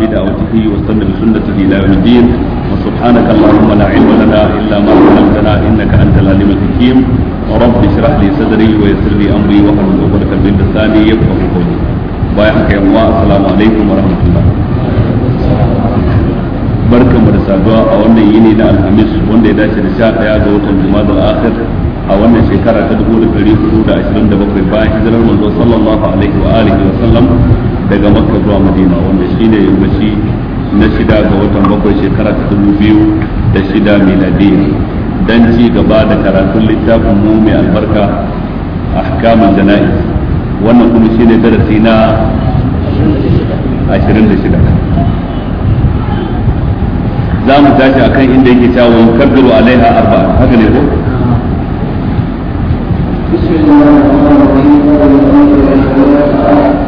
بدعوته واستنى بسنته الى يوم الدين وسبحانك اللهم لا علم لنا الا ما علمتنا انك انت العليم الحكيم رب اشرح لي صدري ويسر لي امري واحلل عقدة من لساني يفقهوا قولي بايعك يا الله السلام عليكم ورحمه الله barkan mu da saduwa a wannan yini na alhamis wanda ya dace da sha daya ga watan jumadal akhir a wannan shekara ta 1427 bayan hijirar manzo sallallahu alaihi wa alihi wa sallam daga makka zuwa madina wanda shine yammaci na shida ga watan bakwai shekara ta dubu biyu da shida miladiyya dan ci gaba da karatun littafin mu mai albarka ahkamul jana'iz wannan kuma shine darasi na ashirin da shida. za mu tashi akan inda yake cewa kaddaru alaiha arba'a haka ne ko بسم الله الرحمن الرحيم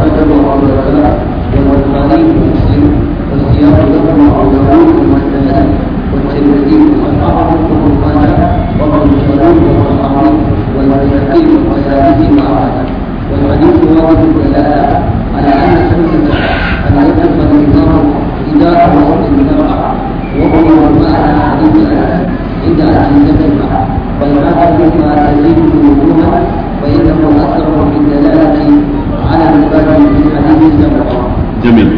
قدمه العلماء كالبخاري ومسلم والسياق لهما ابو داود والسنان والترمذي وصححه ابن ماجه وابن جرير والطحاوي والبيهقي والبيهقي معه والحديث واجب الدلاله على ان سنه ان يدخل النار اذا وصل المراه وهو معنى حديث انس عند اهل الجنه تزيد وجوها فانه اكثر من دلاله jamil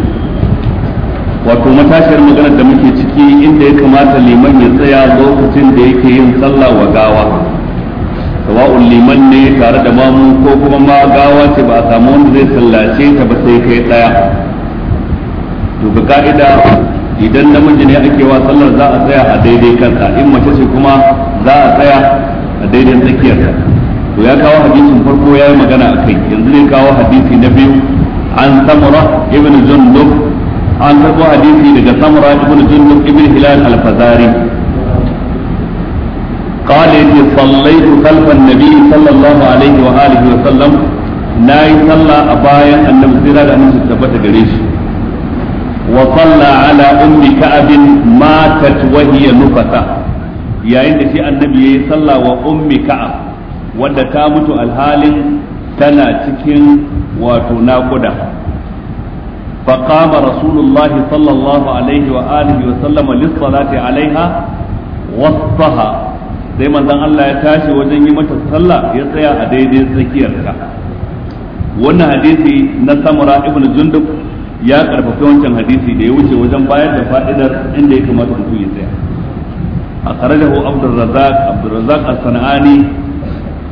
wato matashiyar maganar da muke ciki inda ya kamata liman ya tsaya lokacin da yake yin sallah wa gawa sawa'un liman ne tare da mamu ko kuma ma gawa ce ba a samu wanda zai sallace ta ba sai kai tsaya to ga ka'ida idan namiji ne ake wa sallar za a tsaya a daidai kansa in mace ce kuma za a tsaya a daidai tsakiyarsa ya kawo hadisin farko ya yi magana a kai yanzu zai kawo hadisi na biyu an samura ibn jundub an karɓo hadisi daga samura ibn jundub ibn hilal al-fazari قال إني صليت خلف النبي صلى الله عليه وآله وسلم لا يصلى أبايا أن نمسيرا لأنه ستبت قريش وصلى على أم كعب ماتت وهي نفسة يا عند شيء النبي صلى وأم كعب wanda ta mutu alhali tana cikin wato naƙuda faƙama rasulullahi sallallahu alaihi wa alihi wa sallama lissalati alaiha wasaha sai manzon Allah ya tashi wajen yi mata sallah ya tsaya a daidai tsakiyarta wannan hadisi na samura ibn jundub ya karfafi wancan hadisi da ya wuce wajen bayar da fa'idar inda ya kamata mutum ya tsaya a karajahu abdurrazzaq abdurrazzaq as-sanani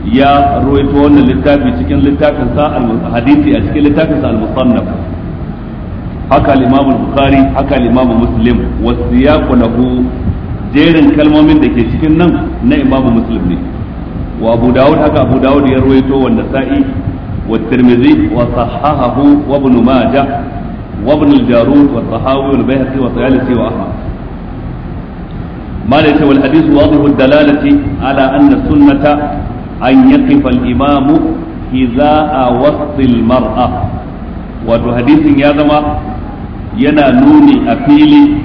ya ruwaito wannan littafi cikin littafin sa hadisi a cikin littafin sa al-musannaf haka al-imam al-bukhari haka al-imam muslim wasiyaqu lahu jerin kalmomin da ke cikin nan na imam muslim ne wa abu dawud haka abu dawud ya ruwaito wa nasa'i wa tirmidhi wa sahahahu wa ibn majah wa ibn al-jarud wa tahawi wal bayhaqi wa tayalisi wa ahmad ما ليس والحديث واضح الدلالة على أن السنة an yaqifa al-imamu hiza'a wasil mar'a wato hadisin ya zama yana nuni a fili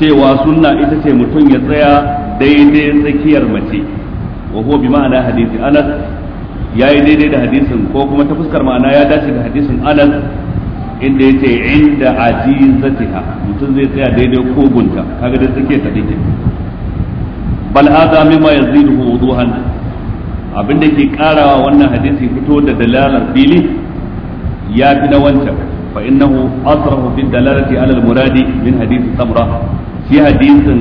cewa sunna ita ce mutum ya tsaya daidai tsakiyar mace wa huwa bi ma'ana hadisi anas ya yi daidai da hadisin ko kuma ta fuskar ma'ana ya dace da hadisin anas inda ya ce inda ajizatiha mutum zai tsaya daidai kogunta kaga da tsakiyar ta dake bal hadha mimma yaziduhu wuduhan abin da ke karawa wannan hadisi fito da dalalar fili ya fi na wancan fa innahu asrahu fi dalalati ala al-muradi min hadisi samra shi hadisin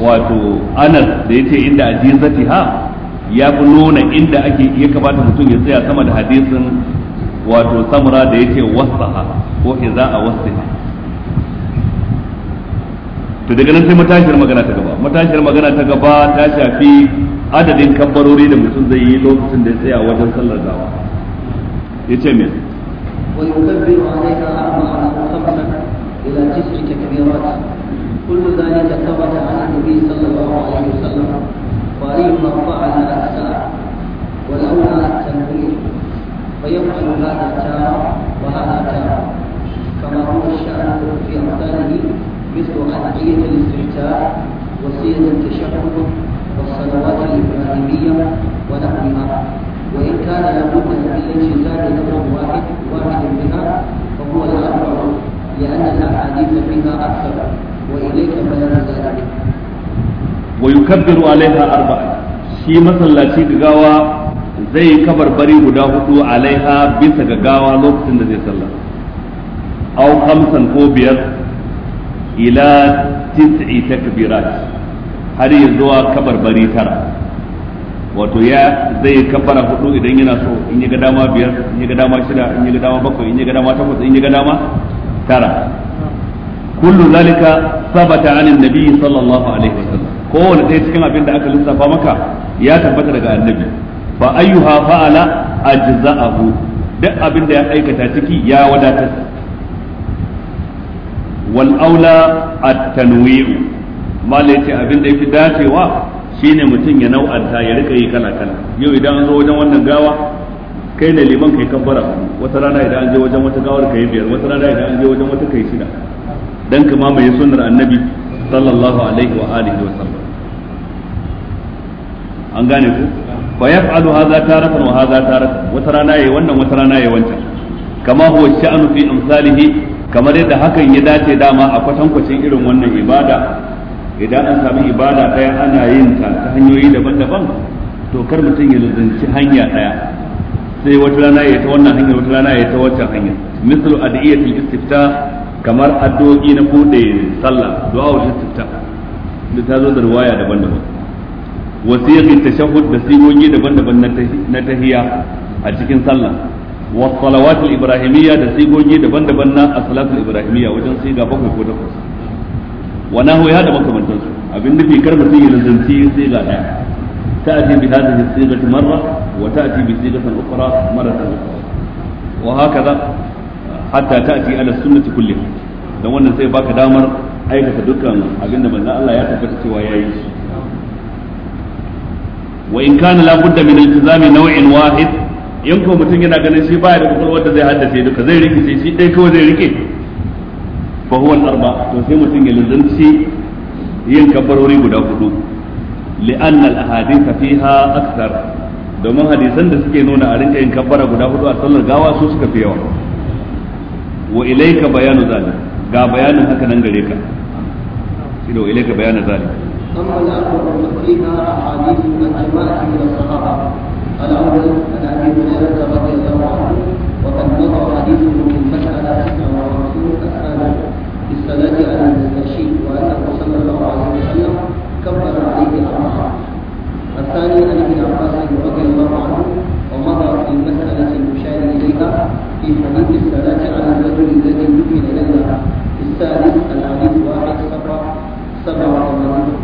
wato anas da yace inda ajizati ha ya fi nuna inda ake ya kamata mutum ya tsaya sama da hadisin wato samra da yace wasaha ko iza'a wasaha to daga nan sai matashiyar magana ta gaba matashiyar magana ta gaba ta shafi adadin kabbarori da mutum zai yi lokacin da ya tsaya wajen sallar dawa ya ce ويكبر عليها إلى تسع تكبيرات كل ذلك ثبت عن النبي صلى الله عليه وسلم التنوير فيفعل هذا التار وهذا التار كما هو الشأن في أمثاله مثل أدعية الاستفتاح وسيلة التشهد والصلوات الإبراهيمية ونحوها وإن كان لابد من الانشغال نمرا واحد واحد بها فهو الأربع لأن الأحاديث فيها أكثر وإليك بيان ذلك ويكبر عليها أربعة shi masallaci gawa zai kabar bari guda hudu alaiha bisa ga gawa lokacin da zai sallah au kamsan ko biyar ila tis'i takbirat har ya zuwa kabarbari tara wato ya zai kabara hudu idan yana so in yi ga dama biyar in yi ga dama shida in yi ga dama bakwai in yi ga dama takwas in yi ga dama tara kullu zalika sabata anin nabi sallallahu alaihi wasallam kowane ɗaya cikin abin da aka lissafa maka ya tabbata daga annabi fa ayyuha fa'ala ajza'ahu duk abin da ya aikata ciki ya wadatar wal aula at-tanwi'u malai yace abin da yake dacewa shine mutum ya nau'anta ya rika yi kala kala yau idan an zo wajen wannan gawa kai da liman kai kambara wata rana idan an je wajen wata gawar kai biyar wata rana idan an je wajen wata kai shida dan ka mamaye sunnar annabi sallallahu alaihi wa alihi wa sallam an gane ku fa yaf'alu hadha taratan wa hadha taratan wata rana yayi wannan wata rana yayi wancan kama huwa sha'nu fi amsalihi kamar yadda hakan ya dace dama a kwatankwacin irin wannan ibada idan an sami ibada daya ana yin ta ta hanyoyi daban-daban to kar mutum ya zanci hanya daya sai wata rana ya ta wannan hanyar wata rana ya ta wata hanyar mislu adiyatul istifta kamar addu'o'i na bude sallah du'a istifta da ta zo da riwaya daban-daban wasiqi tashahhud da sigogi daban-daban na tahiyya a cikin sallah wa salawatul ibrahimiyya da sigogi daban-daban na as-salatul ibrahimiyya wajen ga bakwai ko takwas wa nahu ya da makamantan su abin nufi kar mutum ya lazanci sai ga daya ta'ati bi hadhihi sigati marra wa ta'ati bi sigatin ukhra maratan ukhra wa hakaza hatta ta'ati ala sunnati kulliha dan wannan sai baka damar aikata dukkan abinda da manzon Allah ya tabbata cewa yayi shi wa in kana la budda min iltizami naw'in wahid in ko mutum yana ganin shi baya da kokolwar da zai haddace duka zai rikice shi dai kawai zai rike fa arba to sai mutum ya lazanci yin kabbarori guda domin hadisan da suke nuna a rinka yin kabbara guda hudu a sallar gawa su suka fi yawa wa ilayka bayanu zalik ga bayanin haka nan gare ka ilo ilayka bayanu zalik amma al-akbar fiha ahadith al-jama'ah min sahaba al-awwal an abi hurairah radiyallahu anhu وقد مضى حديثه da مسألة 59 أسئلة في الصلاة على المستشير وأنه صلى الله عليه وسلم كبر عليه أربعة الثاني عن ابن عباس رضي الله عنه ومضى في المسألة المشار إليها في حديث الصلاة على الرجل الذي يؤمن لله الثالث الحديث واحد سبع سبع وثمانين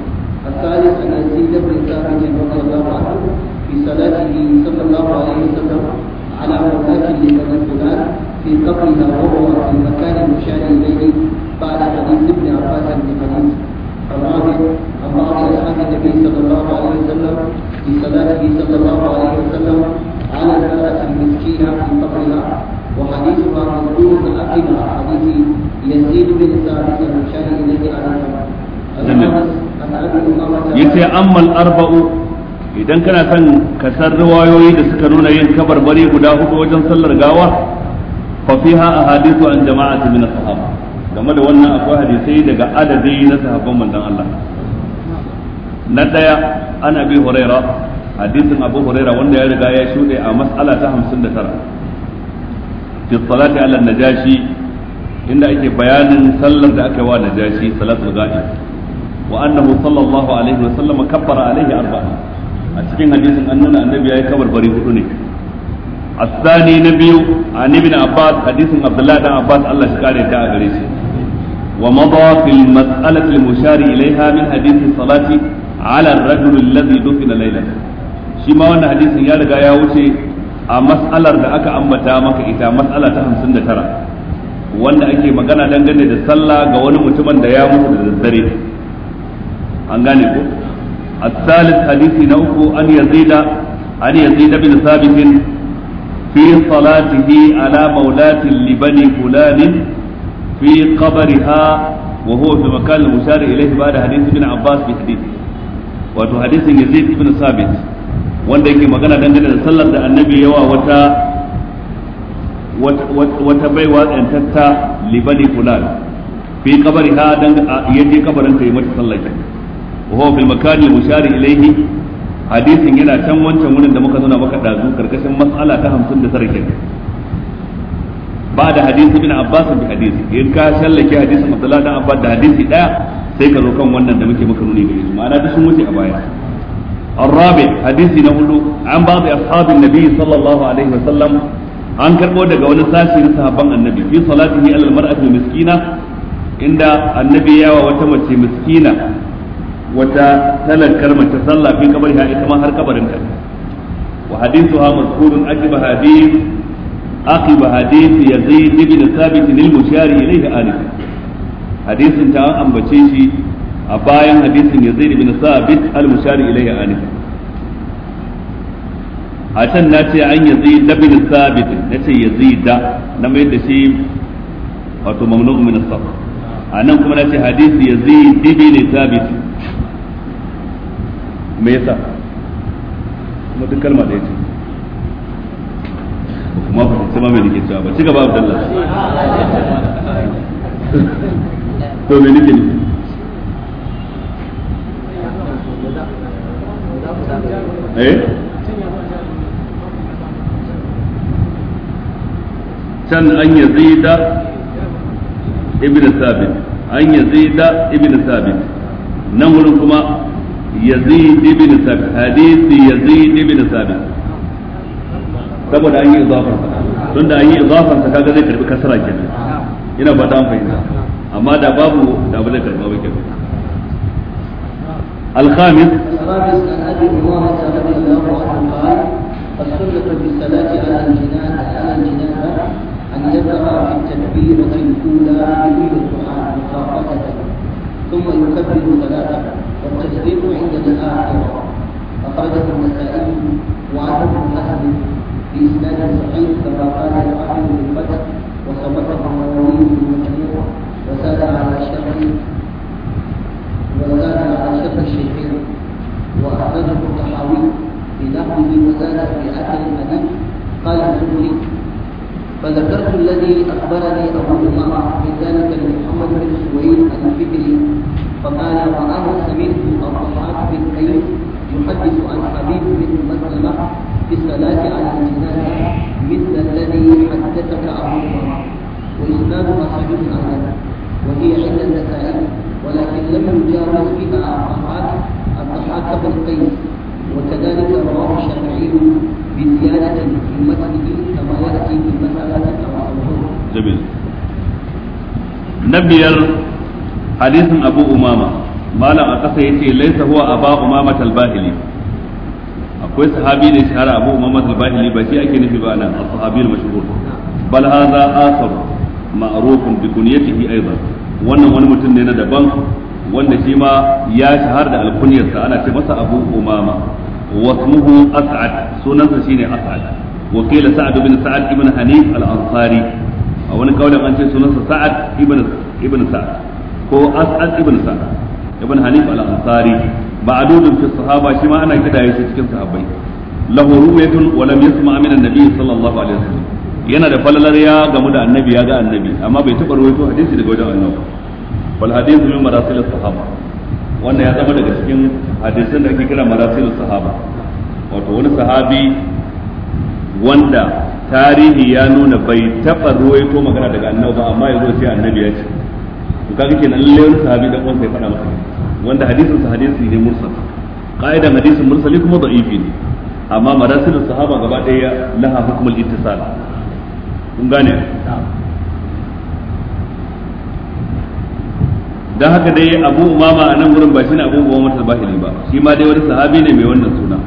الثالث أن يزيد بن ثابت رضي الله عنه في صلاته صلى الله عليه وسلم على مرآة لبني في قبرها وهو في المكان المشار إليه قال حديث ابن عباس بن حديث الراوي عن بعض اصحاب النبي صلى الله عليه وسلم في صلاته صلى الله عليه وسلم على المراه المسكينه في قبرها وحديثها مذكور عقب حديث يزيد بن ثابت المشار اليه على yace ammal arba'u idan kana son ka san riwayoyi da suka nuna yin kabarbari guda hudu wajen sallar gawa fa fiha ahadithu an jama'ati min as-sahaba game da wannan akwai hadisai daga adadi na sahabban manzon Allah na daya ana bi huraira hadisin abu huraira wanda ya riga ya shuɗe a mas'ala ta 59 fi salati ala najashi inda ake bayanin sallar da aka yi wa najashi salatul ghaib wa annahu sallallahu alaihi wa sallam kaffara alaihi arba'a a cikin hadisin an nuna annabi yayi kabar bari hudu ne الثاني نبي عن ابن عباس حديث عبد الله بن عباس الله شكاره تا غريسي ومضى في المسألة المشار إليها من حديث الصلاة على الرجل الذي دفن ليلة شما وانا حديث يالغا يا وشي a mas'alar da aka ambata maka ita mas'ala ta hamsin da tara wanda ake magana dangane da sallah ga wani mutumin da ya mutu da daddare an gane ko الثالث حديث نوكو أن يزيد أن يزيد بن ثابت في صلاته على مولاة لبني فلان في قبرها وهو في مكان المشار إليه بعد حديث ابن عباس في حديث wato hadisin Yazid ibn Sabit wanda yake magana dangane da sallar da annabi yawa wata wata baiwa tsantatta libani kulal fi kabari ha dan yaje kabarin ta yi mata sallar ta wa fil makan al mushari ilayhi hadisin yana can wancan wurin da muka zauna maka dazu karkashin mas'ala ta 59 kenan ba da hadisi ibn abbas bi hadisi in ka sallake hadisi abdullah dan abbas da hadisi daya sai ka zo kan wannan da muke maka nuni da yanzu ma'ana duk sun wuce a baya الرابع حديث نقول عن بعض أصحاب النبي صلى الله عليه وسلم an karbo daga wani sashi na sahabban annabi fi salatihi alal mar'ati miskina inda annabi yawa wata mace miskina wata talakar mace sallah fi kabariha ita ma har wa عقب حديث يزيد بن ثابت للمشار إليه آنفا حديث تاع أم بشيشي أبايا حديث يزيد بن ثابت المشار إليه آنفا عشان ناتي عن يزيد بن ثابت ناتي يزيد نمي دشي wato mamnu min as-sabr anan kuma nace hadisi yazid ibn thabit me yasa kuma duk kalma da yake kuma fahimci ma mai nake cewa ba ci gaba abdallah nake eh can an yazida ibn sabit an yazida ibn sabit nan wurin kuma yazid ibn sabit hadisi yazid ibn sabit saboda an yi idafar sa tun da an yi idafar sa kaga zai karbi kasara kenan ina ba ta fahimta amma da babu da ba karba ba kenan الخامس الخامس أن ابي امامه رضي الله عنه قال السنه في الصلاه على الجنان على الجنان ان يقرا في التكبيره الاولى بكل القران مخافه ثم يكبر ثلاثه والتسليم عند الاخره اخرجه النسائي وعنه اهل في سنن صحيح كما قال الحافظ بن بدر وصمته النووي بن كثير وزاد على شرح وزاد على شرح الشيخين واخرجه الطحاوي بنحوه وزاد في اثر المنام قال الزهري فذكرت الذي اخبرني ابو عمر من ذلك لمحمد بن سويد الفكري فقال رآه سمعت الضحاك بن أيوب يحدث عن حبيب بن مسلمة في الصلاة على الجنازة مثل الذي حدثك أبو عمر وإسنادها صحيح أيضا وهي عند النسائي ولكن لم يجاوز بها أحد الضحاك بن قيس وكذلك رواه الشافعي بزيادة في متنه كما يأتي في مسألة التوافق. جميل. نبير حديث أبو أمامة malam a ƙasa yace laysa huwa aba umama al-bahili akwai sahabi da shahara abu umama al-bahili ba shi ake nufi ba nan as-sahabi al-mashhur bal hadha akhar ma'rufun bi kunyatihi aidan wannan wani mutum ne na daban wanda shi ma ya shahar da alkunyarsa ana ce masa abu umama wasmuhu as'ad sunansa shine as'ad wa qila sa'ad ibn sa'ad ibn hanif al-ansari a wani kaulin an ce sunansa sa'ad ibn ibn sa'ad ko as'ad ibn sa'ad ibn hanif al-ansari ma'dudun fi sahaba shi ma ana kidaya shi cikin sahabbai lahu ruwayatun wa lam yasma min an-nabi sallallahu alaihi wasallam yana da falalar ya gamu da annabi ya ga annabi amma bai taɓa ruwaito hadisi daga wajen annabi wal hadithu min marasil sahaba wannan ya zama daga cikin hadisan da ake kira marasil sahaba wato wani sahabi wanda tarihi ya nuna bai taɓa ruwaito magana daga annabi ba amma yazo sai annabi ya ce to kaga kenan lalle wani sahabi dan uwansa ya wanda hadisin sa hadisi ne mursal qa'idan hadisin mursali kuma da'ifi ne amma marasilin sahaba gaba daya laha hukmul ittisal kun gane dan haka dai Abu Umama a nan gurin ba shine Abu Umama al-Bahili ba shi ma dai wani sahabi ne mai wannan suna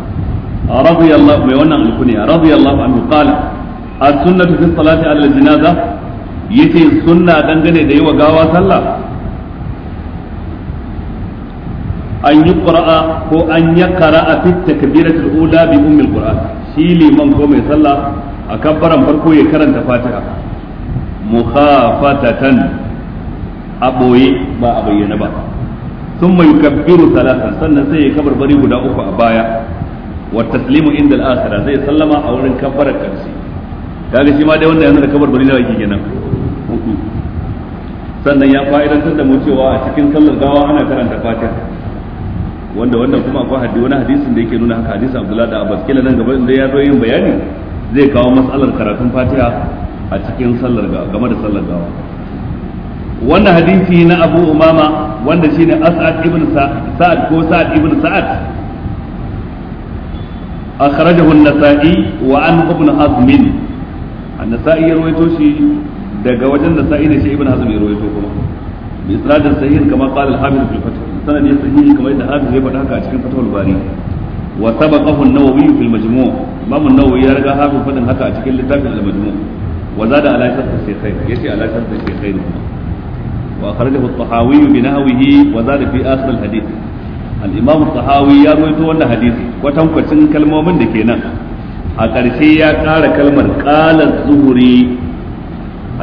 radiyallahu mai wannan alkunya radiyallahu anhu qala as-sunnatu fi salati ala al-janaza yace sunna dangane da yi wa gawa sallah an yi qira'a ko an ya qara'a fi takbiratul ula bi ummil qur'an shi liman ko mai sallah a kabbaran farko ya karanta fatiha mukhafatatan a boye ba a bayyana ba Sun mai yukabbiru salatan sannan sai ya kabar bari guda uku a baya wa taslimu inda al zai sallama a wurin kabbarar karshe kaga shi ma dai wannan yana da kabar bari nawa yake kenan sannan ya fa'idantar da mu cewa a cikin sallar gawa ana karanta fatiha wanda wannan kuma akwai hadisi wani hadisin da yake nuna haka hadisin Abdullahi da Abbas kila nan gaba inda ya zo yin bayani zai kawo matsalar karatun Fatiha a cikin sallar game da sallar gawa wannan hadisi na Abu Umama wanda shine As'ad ibn Sa'ad ko Sa'ad ibn Sa'ad akhrajahu an-Nasa'i wa an Ibn Hazm an-Nasa'i rawaito shi daga wajen Nasa'i ne shi Ibn Hazm ya rawaito kuma bi isnadin sahih kama qala al-Hafiz al Fath sanadi sahihi kamar da hafiz ya faɗa haka a cikin fatawul bari wa sabaqahu an-nawawi fil majmu' imam an-nawawi ya riga hafiz faɗin haka a cikin littafin al-majmu' wa zada ala yace ala wa at-tahawi bi nahwihi wa zada fi akhir al-hadith al-imam at-tahawi ya rawaito wannan hadisi kalmomin da ke nan a ƙarshe ya ƙara kalmar qala az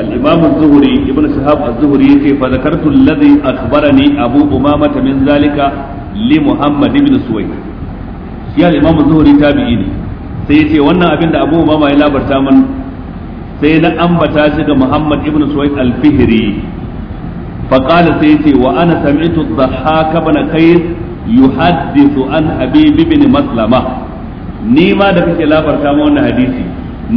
الإمام الزهري ابن شهاب الزهري يتي فذكرت الذي أخبرني أبو أمامة من ذلك لمحمد بن سويد يا الإمام الزهري تابعيني سيتي وانا أبن أبو أمامة إلى برتامن سينا أم بتاشق محمد بن سويد الفهري فقال سيتي وأنا سمعت الضحاك بن قيس يحدث عن حبيب بن مسلمة نيما دفك لا برتامن حديثي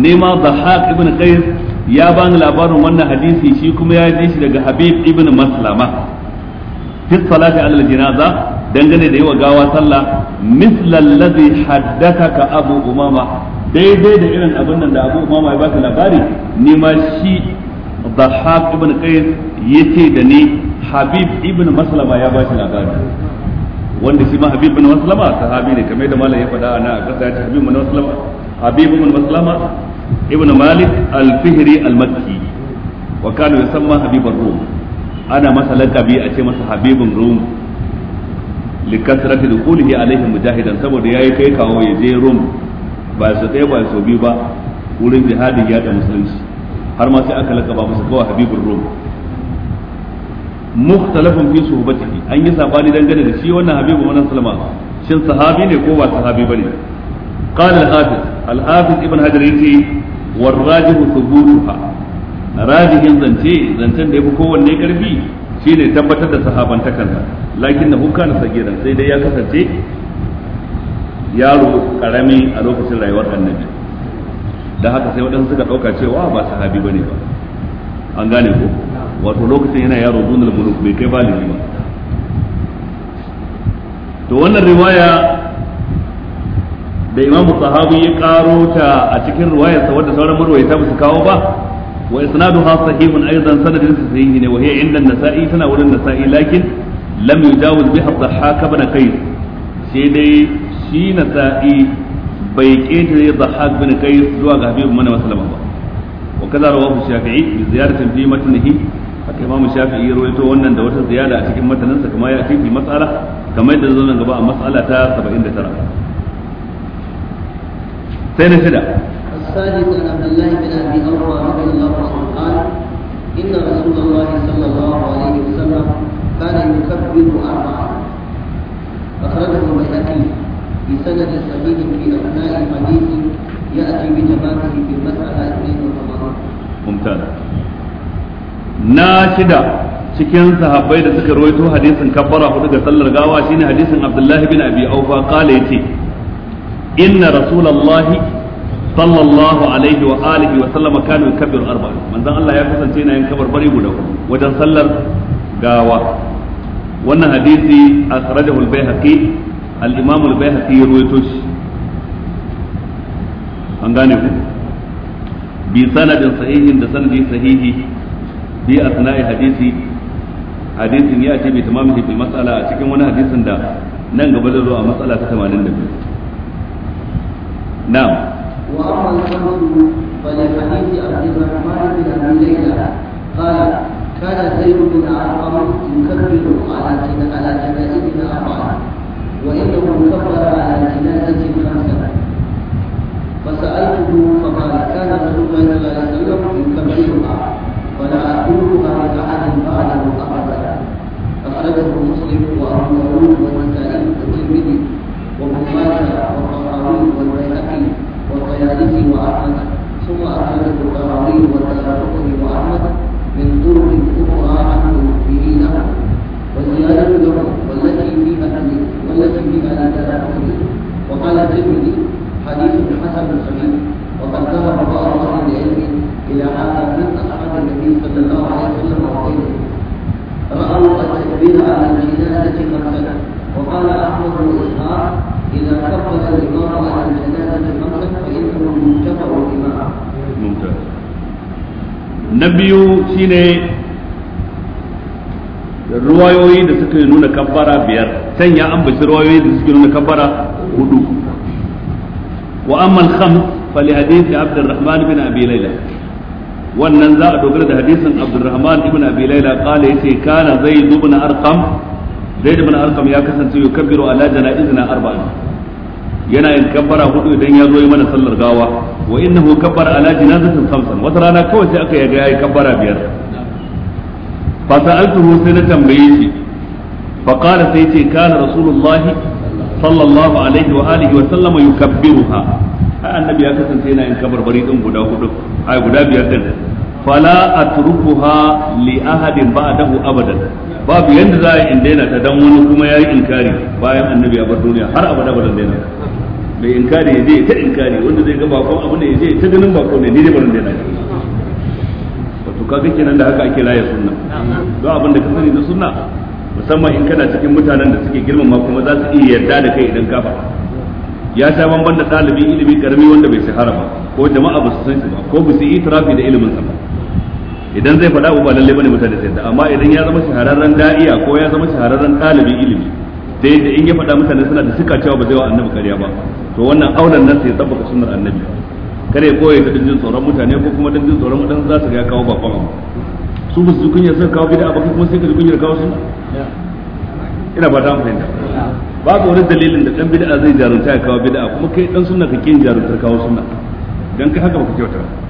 نيما ضحاك بن قيس ya bani labarin wannan hadisi shi kuma ya ji shi daga Habib ibn Maslama fi salati ala janaza dangane da yawa gawa sallah mislal ladhi haddathaka Abu Umama daidai da irin abin nan da Abu Umama ya baka labari ni ma shi Dhahab ibn Qais yace da ni Habib ibn Maslama ya baki labari wanda shi ma Habib ibn Maslama sahabi ne kamar da malam ya faɗa ana a kasa ya ce Habib ibn Maslama Habib ibn Maslama ibn malik al-fihri al-makki wa kana yusamma habibar rum ana masa lakabi a ce masa habibun rum li kasrati dukulihi alaihim mujahidan saboda yayi kai kawo ya je rum ba su kai ba su bi ba wurin jihadin ya musulunci har ma sai aka lakaba masa kawai habibur rum mukhtalafun fi suhbatihi an yi sabani dangane da shi wannan habibu wannan salama shin sahabi ne ko ba sahabi bane hafiz al-hafiz ibn ce, yace warrajihu thubutuha rajihin zance zancen da yafi kowanne karfi shine tabbatar da sahabantakansa lakin na hukana sagiran sai dai ya kasance yaro karami a lokacin rayuwar annabi da haka sai waɗansu suka ɗauka cewa ba sahabi bane ba an gane ko wato lokacin yana yaro dunal muluk bai kai baligi ba to wannan riwaya da imamu sahabi ya karo ta a cikin ruwayarsa wadda sauran marwayata ba su kawo ba wa isnaduha sahihun aidan sanadin sa sahihi ne wa hiya inda nasa'i tana wurin nasa'i lakin lam yujawiz biha dhahhak ibn qais sai dai shi nasa'i bai ketare dhahhak ibn qais zuwa ga habibu mana sallama ba wa kaza rawahu shafi'i bi ziyaratin fi matnihi haka imam shafi'i ya rawaito wannan da wata ziyada a cikin sa kamar ya fi mas'ala kamar yadda zo nan gaba a mas'ala ta 79 sai na shida الثالث عن عبد الله بن ابي اوفى رضي الله عنه قال ان رسول الله صلى الله عليه وسلم كان يكبر اربعا اخرجه البيهقي بسند صحيح في اثناء حديث ياتي بجماعته في المساله 82 ممتاز na shida cikin sahabbai da suka rawaito hadisin kabbara hudu ga sallar gawa shine hadisin Abdullahi bin Abi Aufa kala yace inna rasulullahi sallallahu alaihi wa alihi wa sallama kana yakbiru arba manzon Allah ya kasance yana yin kabarbari guda wajen sallar gawa wannan hadisi akhrajahu al-baihaqi al-imam al-baihaqi ruwaito shi an gane ku bi sanadin sahihin da sanadi sahihi bi asna'i hadisi hadisin ya ce bi a cikin wani hadisin da a 82 نعم واما الفهم فلحديث عبد الرحمن بن ابي ليلى قال كان زيد بن ارقم يكبر على على جنائز اربعه وانه كبر على جنازه خمسه فسالته فقال كان رسول الله صلى الله عليه وسلم يكبرها ولا اكلها لاحد بعده ابدا اخرجه مسلم وابو داود والنسائي والترمذي والحارثي وأحمد ثم أخرجه الطبراني والدارقطني وأحمد من طرق كلها عنه به له والزيادة له والتي في أهله والتي بما لا الدارقطني وقال الترمذي حديث حسن صحيح وقد ذهب بعض أهل العلم إلى هذا من أصحاب النبي صلى الله عليه وسلم وغيره رأوا التكبير على الجنازة خمسة وقال أحمد بن وإسحاق إذا كبر الإمام على الجنازة المغرب فإنه متبع الإمام ممتاز نبيو شيني ruwayoyi da suka nuna kabbara biyar can ya ambaci ruwayoyi da suka nuna kabbara hudu wa ammal khams fa li hadith Abdurrahman bin Abi Layla wannan za a dogara da hadisin Abdurrahman ibn Abi Layla qala yace kana Zaid ibn Arqam zaid ibn arqam ya kasance yukabbiru ala janaizina arba'an yana yin kabbara hudu idan ya zo mana sallar gawa wa innahu kabbara ala janazatin khamsan wata rana kawai sai aka yaga yayi kabbara biyar fa sa'altuhu sai na tambaye shi fa sai ce kana rasulullahi sallallahu alaihi wa wa sallama annabi ya kasance yana yin kabarbari din guda hudu ai guda biyar din fala atrukuha li ahadin ba'dahu abadan babu yadda za a in daina ta dan wani kuma ya yi inkari bayan annabi ya bar duniya har abada ba zan daina mai inkari ya je ta inkari wanda zai ga bakon abu ne ya je ta ganin bako ne ni dai ba zan daina wato kaga kenan da haka ake laye sunna don abin da ka sani na sunna musamman in kana cikin mutanen da suke girmama kuma za su iya yarda da kai idan ka ba ya sha bamban da dalibi ilimi karami wanda bai shahara ba ko jama'a ba su san shi ba ko ba su yi da ilimin sa ba idan zai faɗa ba lalle bane mutane sai amma idan ya zama shahararren da'iya ko ya zama shahararren ɗalibin ilimi da yadda in ya faɗa mutane suna da suka cewa ba zai wa annabi ƙarya ba to wannan auren nan sai ya tabbata sunnar annabi kare ko ya tafi jin tsoron mutane ko kuma dan jin tsoron mutane za su ga kawo bakon abu su ba su kunya suka kawo bid'a ba kuma sai ka kunya kawo sunna ina fata mun fahimta babu wani dalilin da dan bid'a zai jarunta ya kawo bid'a kuma kai dan sunna kake yin jarunta kawo sunna dan kai haka baka kyauta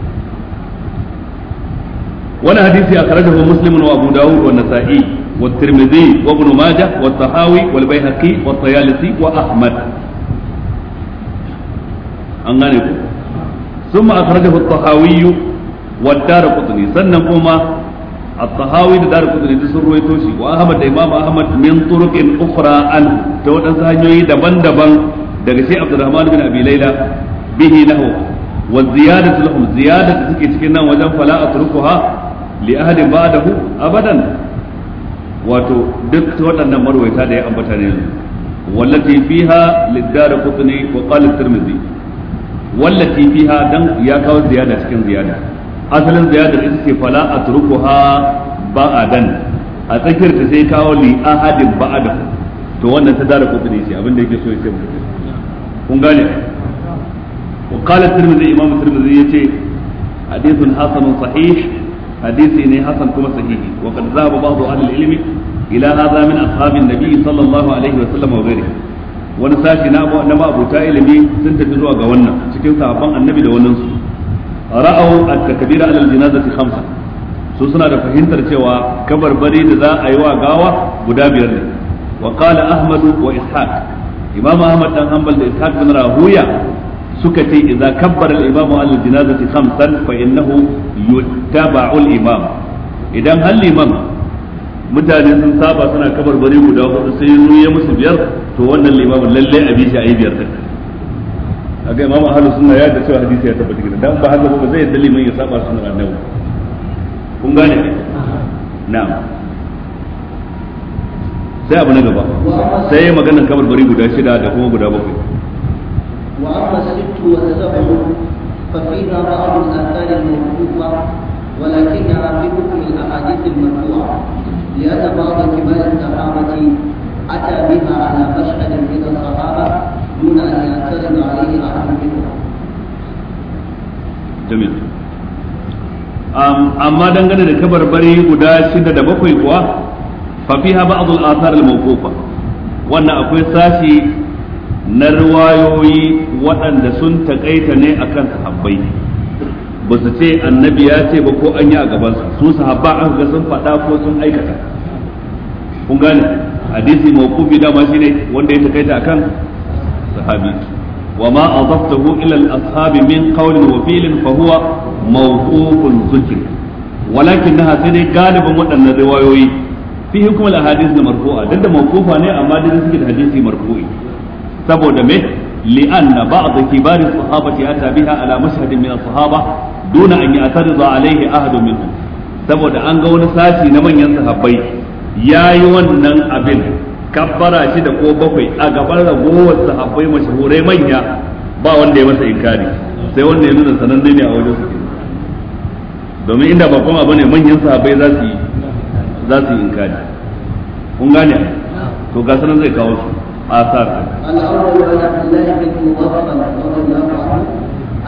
wani hadisi akhrajahu muslim wa abu dawud wa nasa'i wa tirmidhi wa ibn majah wa tahawi wal baihaqi wa tayalisi wa ahmad an gane ku ثم أخرجه الطحاوي والدار قطني سنة كما الطحاوي الدار قطني تسر ويتوشي وأحمد إمام أحمد من طرق أخرى عنه تودا سهنيوي دبن دبن دغشي عبد الرحمن بن أبي ليلى به نحو والزيادة لهم زيادة تكي تكينا وجن فلا أتركها li ahadin ba'dahu abadan wato duk waɗannan marwaita da ya ambata ne yanzu wallati fiha lidar qutni wa qala tirmidhi wallati fiha dan ya kawo ziyada cikin ziyada asalin ziyadar ita ce fala atrukuha ba'adan a tsakiyar ta sai kawo li ahadin ba'dahu to wannan ta dara qutni ce abinda yake so ya ce kun gane wa qala tirmidhi imam tirmidhi yace hadithun hasanun sahih hadisi ne Hassan kuma sahihi wa qad zaba ba'd ahli ilmi ila hadha min ashabin nabi sallallahu alaihi wa sallam wa wani sashi na na mabuta ilimi sun tafi zuwa ga wannan cikin sahabban annabi da wannan su ra'au at-takbira ala al-janazati khamsa su suna da fahimtar cewa kabarbari da za a yi wa gawa guda biyar ne wa Ahmadu wa ishaq imam ahmad ɗan hanbal da ishaq bin rahuya suka ce idza kabbara al-imamu al janazati khamsan fa innahu yuttaba'u al-imam idan hal imam mutane sun saba suna kabar bari guda hudu sai yanzu ya musu biyar to wannan limamin lalle a bishi ayi biyar din aga imam ahlus sunna ya da cewa hadisi ya tabbata gidan dan ba haka ba zai yadda liman ya saba sunnar annabi kun gane ne na'am sai abu na gaba sai maganar kabar bari guda shida da kuma guda bakwai وأما الست والسبع ففيها رأى من الآثار الموقوفة ولكن في حكم الأحاديث المرفوعة لأن بعض كبار الصحابة أتى بها على مشهد من الصحابة دون أن يعترض عليه أحد منهم. جميل. amma dangane da tabarbare guda shida da bakwai kuwa fa fiha ba'd al-athar al-mawqufa wannan akwai sashi na riwayoyi waɗanda sun taƙaita ne akan sahabbai ba su ce annabi ya ce ba ko an yi a gabansa su sahabba an ga sun faɗa ko sun aikata kun gane hadisi mawqufi dama shine wanda ya taƙaita akan sahabi wa ma adaftahu ila al-ashabi min qawlin wa fi'lin fa huwa mawqufun zikr walakinnaha sai dai galibin waɗannan riwayoyi fi hukumul ahadith na marfu'a duk da mawqufa ne amma dai suke da hadisi marfu'i saboda me li'anna ba'd kibari sahabati ata biha ala mashhad min as-sahaba duna an ya'tarida alayhi ahad minhum saboda an ga wani sashi na manyan sahabbai yayi wannan abin kabbara shi da ko bakwai a gaban ragowar sahabbai mashahurai manya ba wanda ya masa inkari sai wanda ya nuna sananne ne a wajen su domin inda ba kuma bane manyan sahabbai za su yi za su yi inkari kun gane to ga sanan zai kawo su آثار الأول عن عبد الله بن مبارك رضي الله عنه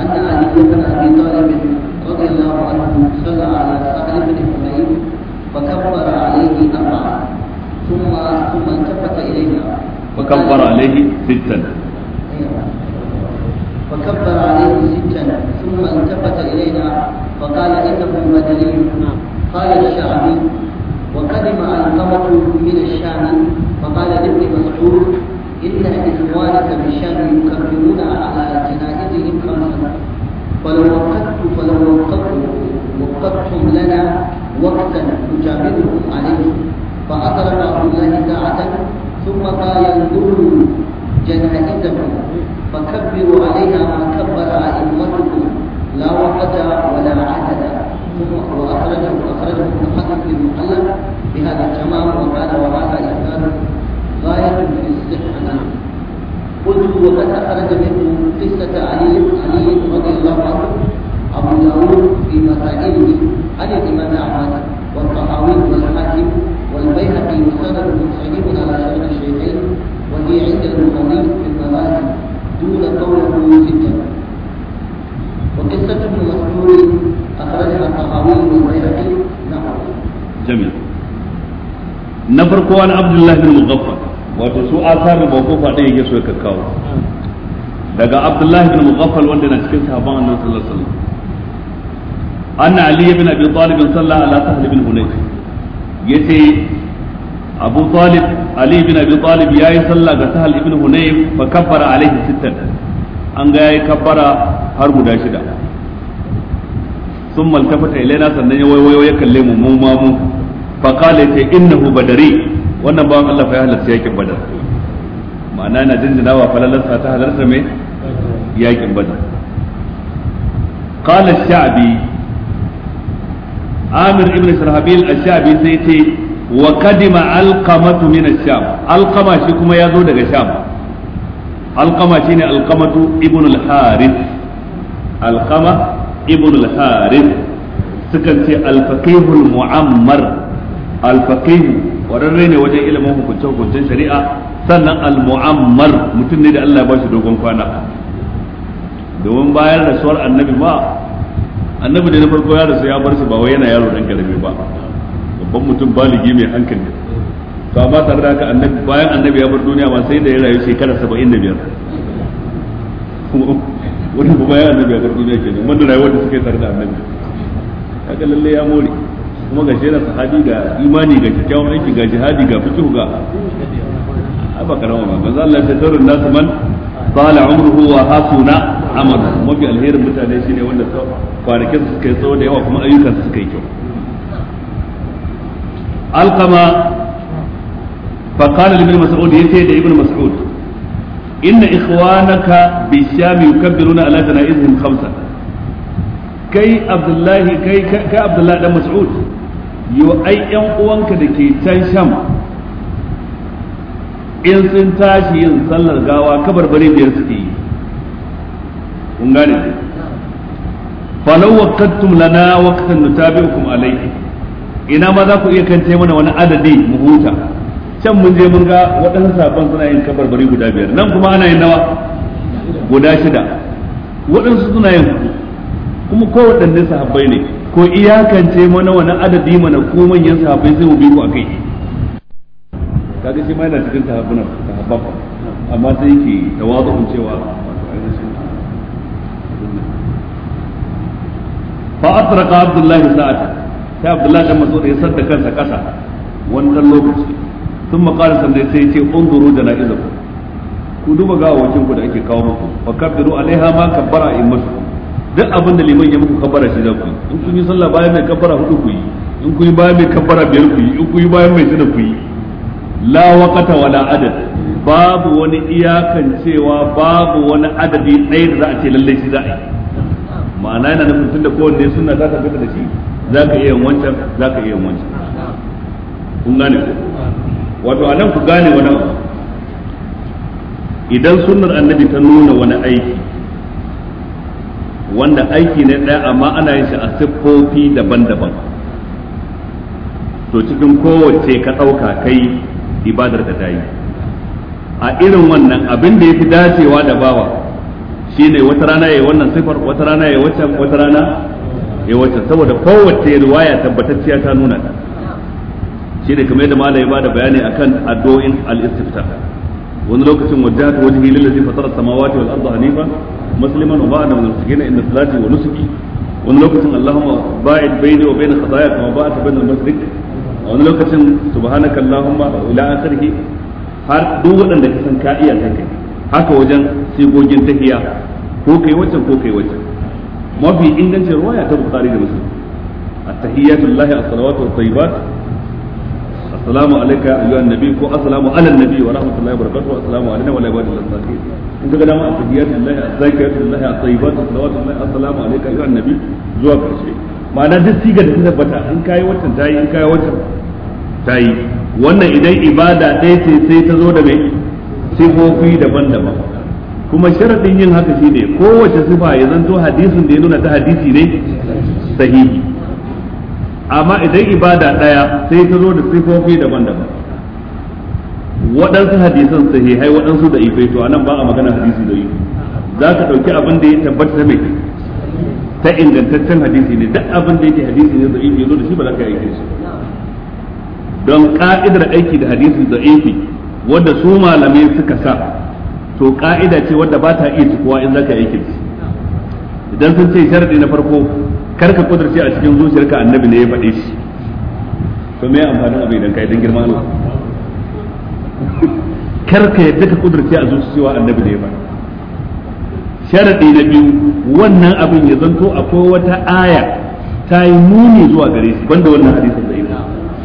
أن علي بن أبي طالب رضي الله عنه صلى على سعد بن حنين فكبر عليه أربعة ثم ثم التفت إلينا فكبر عليه ستا فكبر عليه ستا ثم التفت إلينا فقال إنه مدني قال الشعبي وقدم القمة من الشام فقال لابن مسعود إن إخوانك بالشام يكرمون على جنائزهم خمسا فلو وقت فلو وقفتم وقتهم لنا وقتا نجاملهم عليه فأطلق عبد الله ساعة ثم قال انظروا جنائزكم فكبروا عليها ما كبر أئمتكم لا وقت ولا عدد وأخرجه أخرجه ابن حزم بن بهذا التمام وقال وهذا إسناد غاية في قلت وقد أخرج منه قصة علي علي رضي الله عنه أبو داود في مسائله عن الإمام أحمد والطحاوي والحاكم والبيهقي وسند صحيح على شرط الشيخين وهي عند البخاري في المغازي دون قوله سته وقصة ابن مسعود أخرجها الطحاوي والبيهقي نعم جميل نفرق عن عبد الله بن مغفر wato su asarin mawqufa da yake so ya kawo daga Abdullahi bin Mughaffal wanda na cikin sahaban Annabi sallallahu alaihi wasallam anna Ali ibn Abi Talib sallallahu ala Sahl ibn Hunayf yace Abu Talib Ali ibn Abi Talib yayi sallah ga Sahl ibn Hunayf fa kabbara alaihi sittan an ga yayi kabbara har guda shida sun maltafata ilaina sannan ya waiwayo ya kalle mu mu ma mu fa qala ta innahu badari wannan bawan Allah fa ya halarta yakin badar ma'ana na jinjina wa falalarsa ta halarta mai yakin badar qala sha'bi amir ibn sharhabil ash-sha'bi sai ce wa qadima alqamatu min ash-sham alqama kuma ya zo daga sham alqama shine alqamatu ibn al-harith ibn sukan ce al muammar al kwararre ne wajen ilimin hukunce hukuncen shari'a sannan al-mu'ammar mutum ne da Allah ya ba shi dogon kwana domin bayan rasuwar annabi ba annabi ne na farko ya rasu ya bar su ba wai yana yaro dan karami ba babban mutum baligi mai hankali to amma tare da haka annabi bayan annabi ya bar duniya ma sai da ya rayu shekara 75 wani bayan annabi ya bar duniya kenan wannan rayuwar da suke tare da annabi kaga lalle ya more kuma ga shirin sahabi ga imani ga kyakkyawan aiki ga jihadi ga fikihu ga ba karama ba manzo Allah ta tarun nasu man tsala umruhu wa hasuna amal mafi alherin mutane shine wanda kwanakin su kai tsawo da yawa kuma ayyukan su kai kyau alqama fa qala ibn mas'ud yace da ibn mas'ud inna ikhwanaka bi sham yukabbiruna ala janaizihim khamsa kai abdullahi kai kai abdullahi dan mas'ud yo ai yan uwanka da ke can sham in sun tashi yin sallar gawa kabarbare biyar suke yi kun gane ne falau waqattum lana waqtan nutabi'ukum alayhi ina ma za ku iya kance mana wani adadi mu huta can mun je mun ga waɗansu sabon suna yin kabarbari guda biyar nan kuma ana yin nawa guda shida waɗansu suna yin kuma kowaɗanne sahabbai ne ko iyakance mana wani adadi mana ko manyan sahabbai zai mu bi ku akai kaga shi ma yana cikin sahabbuna sahabban amma sai yake tawazu cewa fa atraka abdullahi sa'ad sai abdullahi dan da ya sadda kansa kasa Wannan lokaci sun makara sanda sai ce unzuru janaizakum ku duba gawawakin ku da ake kawo muku fa kabbiru alaiha ma kabbara in masu duk abin da liman ya muku kabbara shi za ku yi in kun yi sallah bayan mai kabbara hudu ku yi in kun yi bayan mai kabbara biyar ku yi in kun yi bayan mai shida ku yi la waqata wala adad babu wani iyakan cewa babu wani adadi ɗaya da za a ce lallai shi za a yi ma'ana yana nufin tunda kowanne sunna za ka fita da shi za ka iya wancan za ka iya wancan kun gane ku wato a nan ku gane wani idan sunnar annabi ta nuna wani aiki wanda aiki ne ɗaya amma ana yin shi a siffofi daban-daban to cikin kowace ka ɗauka kai ibadar da ta yi a irin wannan abin da ya fi dacewa da bawa shi ne wata rana ya yi wannan sifar wata rana ya waccan wata rana ya waccan saboda kowace riwaya tabbatacciya ta nuna ta ne kamar yadda malai ba da bayani akan addu'o'in al-istifta wani lokacin wajen wajjahatu wajhi lillazi fasarar samawati wal arda hanifa musliman wa ba'da muslimina inda salati wa nusuki wani lokacin Allahumma ba'id baini a wani lokacin subhanaka har duk waɗanda ka ka iya kai haka wajen sigogin tahiya ko kai ko kai mafi ingancin ruwaya ta bukari da Muslim at lillahi as-salawatu wat-tayyibat assalamu alayka ayyuhan nabi ko assalamu ala nabi wa rahmatullahi wa barakatuh assalamu alayna wa la ibadil salihin in kaga dama at-tahiyyatu lillahi az-zakiyatu lillahi at-tayyibatu salawatu lillahi assalamu alayka ayyuhan nabi zuwa karshe ma'ana duk sigar da ta tabbata in kai wancan wancan wannan idan ibada ɗaya ce sai ta zo da mai sifofi daban-daban kuma sharadin yin haka shine kowace sifa ya zanto hadisin da ya nuna ta hadisi ne sahihi amma idan ibada daya sai ta zo da sifofi daban-daban waɗansu hadisan sahihai waɗansu da ifai to anan ba a magana hadisi da ifai za ka ɗauki abin da ya tabbata mai ta ingantaccen hadisi ne duk abin da yake hadisi ne da ifai zo da shi ba za ka yi su don ka'idar aiki da hadisi da ifai wanda su malamai suka sa to ka'ida ce wadda ba ta iya cikuwa in za ka yi aiki idan sun ce sharadi na farko kar ka kudurce a cikin zuciyarka annabi ne ya faɗe shi to me amfanin abu idan kai dan girman Allah kar ka yadda ka kudurce a zuciyarka annabi ne ya faɗe sharadi na biyu wannan abin ya zanto akwai wata aya ta yi nuni zuwa gare shi banda wannan hadisin da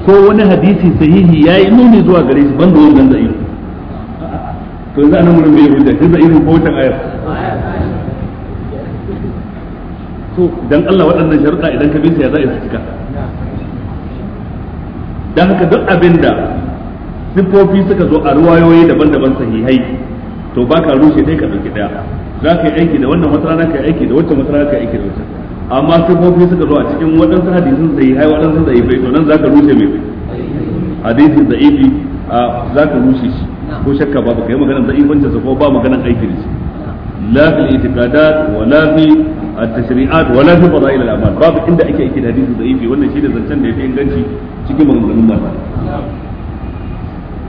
ko wani hadisi sahihi ya yi nuni zuwa gare shi banda wannan da ina to yanzu anan mun bai hujja shi da irin ko wata aya to dan Allah waɗannan sharuɗa idan ka binta ya za a su cika dan haka duk abinda siffofi suka zo a ruwayoyi daban-daban sahihai to ba ka rushe dai ka ɗauki daya za ka yi aiki da wannan wata rana ka yi aiki da wata wata rana ka yi aiki da wata amma siffofi suka zo a cikin waɗansu hadisin sahihai waɗansu zaifai to nan za ka rushe mai hadisi zaifi za ka rushe shi ko shakka babu kai maganar zaifancin su ko ba maganar aiki da shi la fil itiqadat wa la fi at-tashri'at wala fi fadail al-amal babu inda ake aiki da hadisi da'ifi wannan shi da zancen da yafi inganci cikin maganganun malamai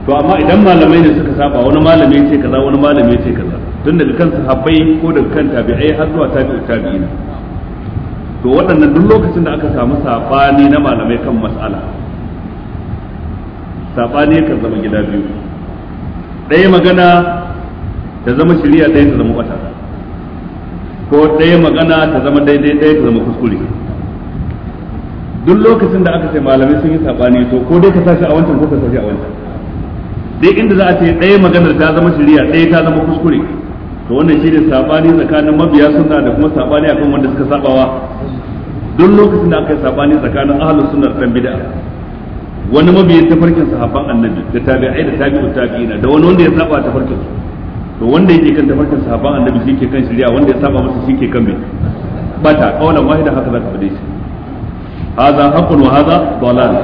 to amma idan malamai ne suka saba wani malami ce kaza wani malami ce kaza tun daga kan sahabbai ko daga kan tabi'ai har zuwa tabi'u tabi'in to waɗannan duk lokacin da aka samu sabani na malamai kan mas'ala sabani kan zama gida biyu ɗaya magana ta zama shari'a ɗaya ta zama wata ko ɗaya magana ta zama daidai ɗaya ta zama kuskure duk lokacin da aka ce malamai sun yi saɓani to ko dai ka sashi a wancan ko ka sashi a wancan dai inda za a ce ɗaya maganar ta zama shirya ɗaya ta zama kuskure to wannan shi ne saɓani tsakanin mabiya suna da kuma saɓani akan wanda suka sabawa duk lokacin da aka yi saɓani tsakanin ahlus sunna da bid'a wani mabiyin tafarkin sahabban annabi da tabi'ai da tabi'u tabi'ina da wani wanda ya saɓa tafarkin su to wanda yake kan tafarkin sahaban annabi shi ke kan shirya wanda ya saba masa shi ke kan mai bata kaulan wahida haka zaka fade shi haza haqqun wa haza dalal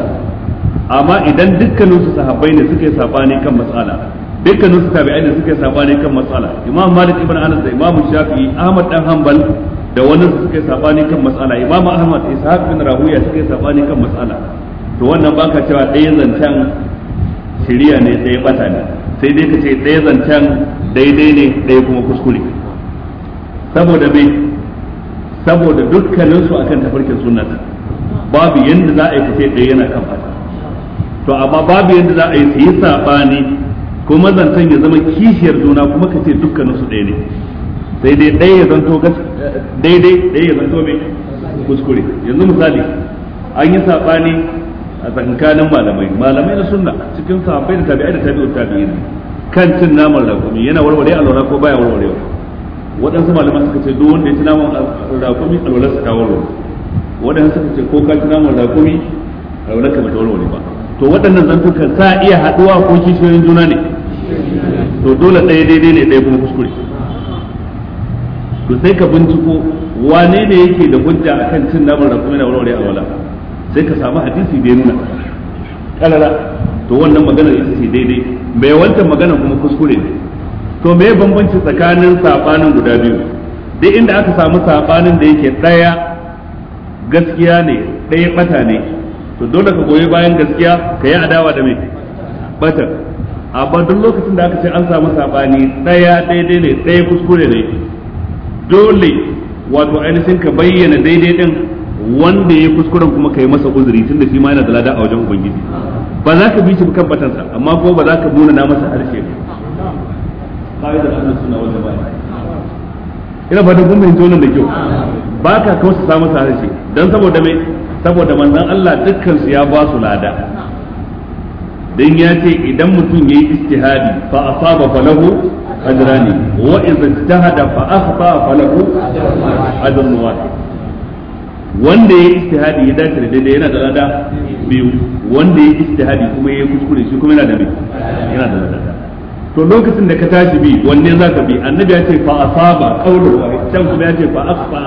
amma idan dukkanin su sahabbai ne suka yi sabani kan matsala dukkanin su tabi'ai ne suka yi sabani kan matsala. imam malik ibn anas da imam shafi'i ahmad dan hanbal da wani suka yi sabani kan matsala imam ahmad ishaq bin rahuya suka yi sabani kan matsala. to wannan baka cewa ɗaya zancen shiriya ne ɗaya bata ne sai dai ka ce ɗaya zancen daidai ne ɗaya kuma kuskure saboda me saboda su akan tafarkin sunna babu yanda za a yi fice ɗaya yana kan fata to amma babu yanda za a yi yi sabani kuma zantan ya zama kishiyar juna kuma ka ce dukkaninsu ɗaya ne sai dai ɗaya ya zanto daidai ɗaya ya zanto me kuskure yanzu misali an yi sabani a tsakankanin malamai malamai na sunna cikin sahabbai da tabi'ai da tabi'ut tabi'in kan cin naman rakumi yana warware alwala ko baya warwarewa waɗansu malaman suka ce duk wanda ya ci naman rakumi su ta warware waɗansu suka ce ko ka ci naman rakumi alwalarka ka ta warware ba to waɗannan zantukan sa iya haɗuwa ko kishiyoyin juna ne to dole ɗaya daidai ne ɗaya kuma kuskure to sai ka binciko wane ne yake da hujja akan cin naman rakumi na warware alwala sai ka samu hadisi da ya nuna ƙalala to wannan maganar ita ce daidai mai wancan magana kuma kuskure ne to me bambanci tsakanin sabanin guda biyu duk inda aka samu sabanin da yake daya gaskiya ne daya bata ne to dole ka goyi bayan gaskiya ka yi adawa da mai bata amma duk lokacin da aka ce an samu sabani daya daidai ne daya kuskure ne dole wato ainihin ka bayyana daidai din wanda ya kuskuren kuma ka yi masa uzuri tunda shi ma yana da lada a wajen ubangiji ba za ka bi shi kan batansa amma ko ba za ka nuna na masa harshe ba kai da Allah suna wanda ba ina fatan kun fahimta wannan da kyau ba ka kawo sa masa harshe dan saboda me saboda manzon Allah dukkan su ya ba su lada dan ya ce idan mutum yayi istihadi fa asaba falahu ajrani wa idza ijtahada fa akhta falahu ajrun wahid wanda yayi istihadi ya dace da daidai yana da lada biyu wanda ya ijtihadi kuma ya kuskure shi kuma yana da me yana da ladada to lokacin da ka tashi bi wanne za ka bi annabi ya ce fa asaba qawlu can kuma ya ce fa akhfa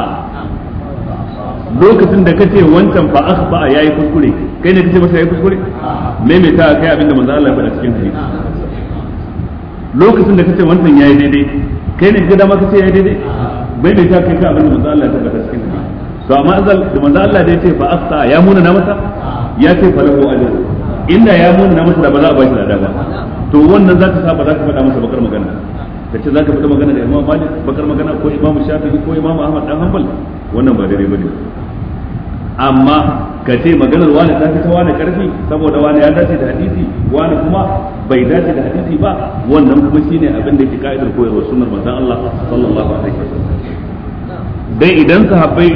lokacin da kace wancan fa akhfa yayi kuskure kai ne kace masa yayi kuskure maimaita kai abinda manzo Allah ya faɗa cikin hadisi lokacin da kace wancan yayi daidai kai ne ga dama kace yayi daidai maimaita kai ka abinda manzo Allah ya faɗa cikin hadisi to amma azal da manzo Allah da ya ce fa akhfa ya muna na masa ya ce falahu ajru inda ya na masa da ba za a bashi lada ba to wannan zaka sa ba za ka faɗa masa bakar magana ka ce zaka faɗa magana da Imam Malik bakar magana ko Imam Shafi'i ko Imam Ahmad dan Hanbal wannan ba daidai bane amma ka ce maganar wani ta fi ta wani karfi saboda wani ya dace da hadisi wani kuma bai dace da hadisi ba wannan kuma shine abin da ke ka'idar koyarwa sunnar manzon Allah sallallahu alaihi wasallam dai idan sahabbai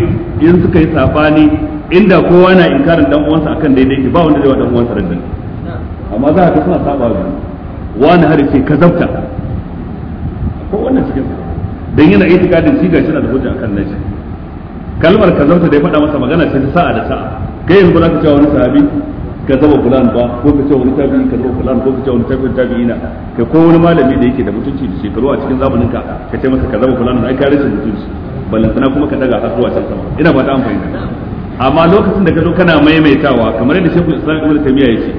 in suka yi safani. inda kowa na inkarin dan uwansa akan daidai ki ba wanda zai wa dan uwansa raddan amma za ka suna saba wa wani har ce ka zabta ko wannan cikin dan yana itikadin shi shi na da hujja akan nashi kalmar ka zabta da ya faɗa masa magana sai ta sa'a da sa'a kai yanzu ba za ka cewa wani sahabi ka zaba fulan ba ko ka ce wani tabi ka zaba fulan ko ka ce wani tabi ina kai ko wani malami da yake da mutunci da shekaru a cikin zamanin ka ka ce masa ka zaba fulan ai ka rashin mutunci ballan kuma ka daga har zuwa can sama ina ba ta amfani amma lokacin da ka zo kana maimaitawa kamar yadda shekul islam ibn tamiya ya ce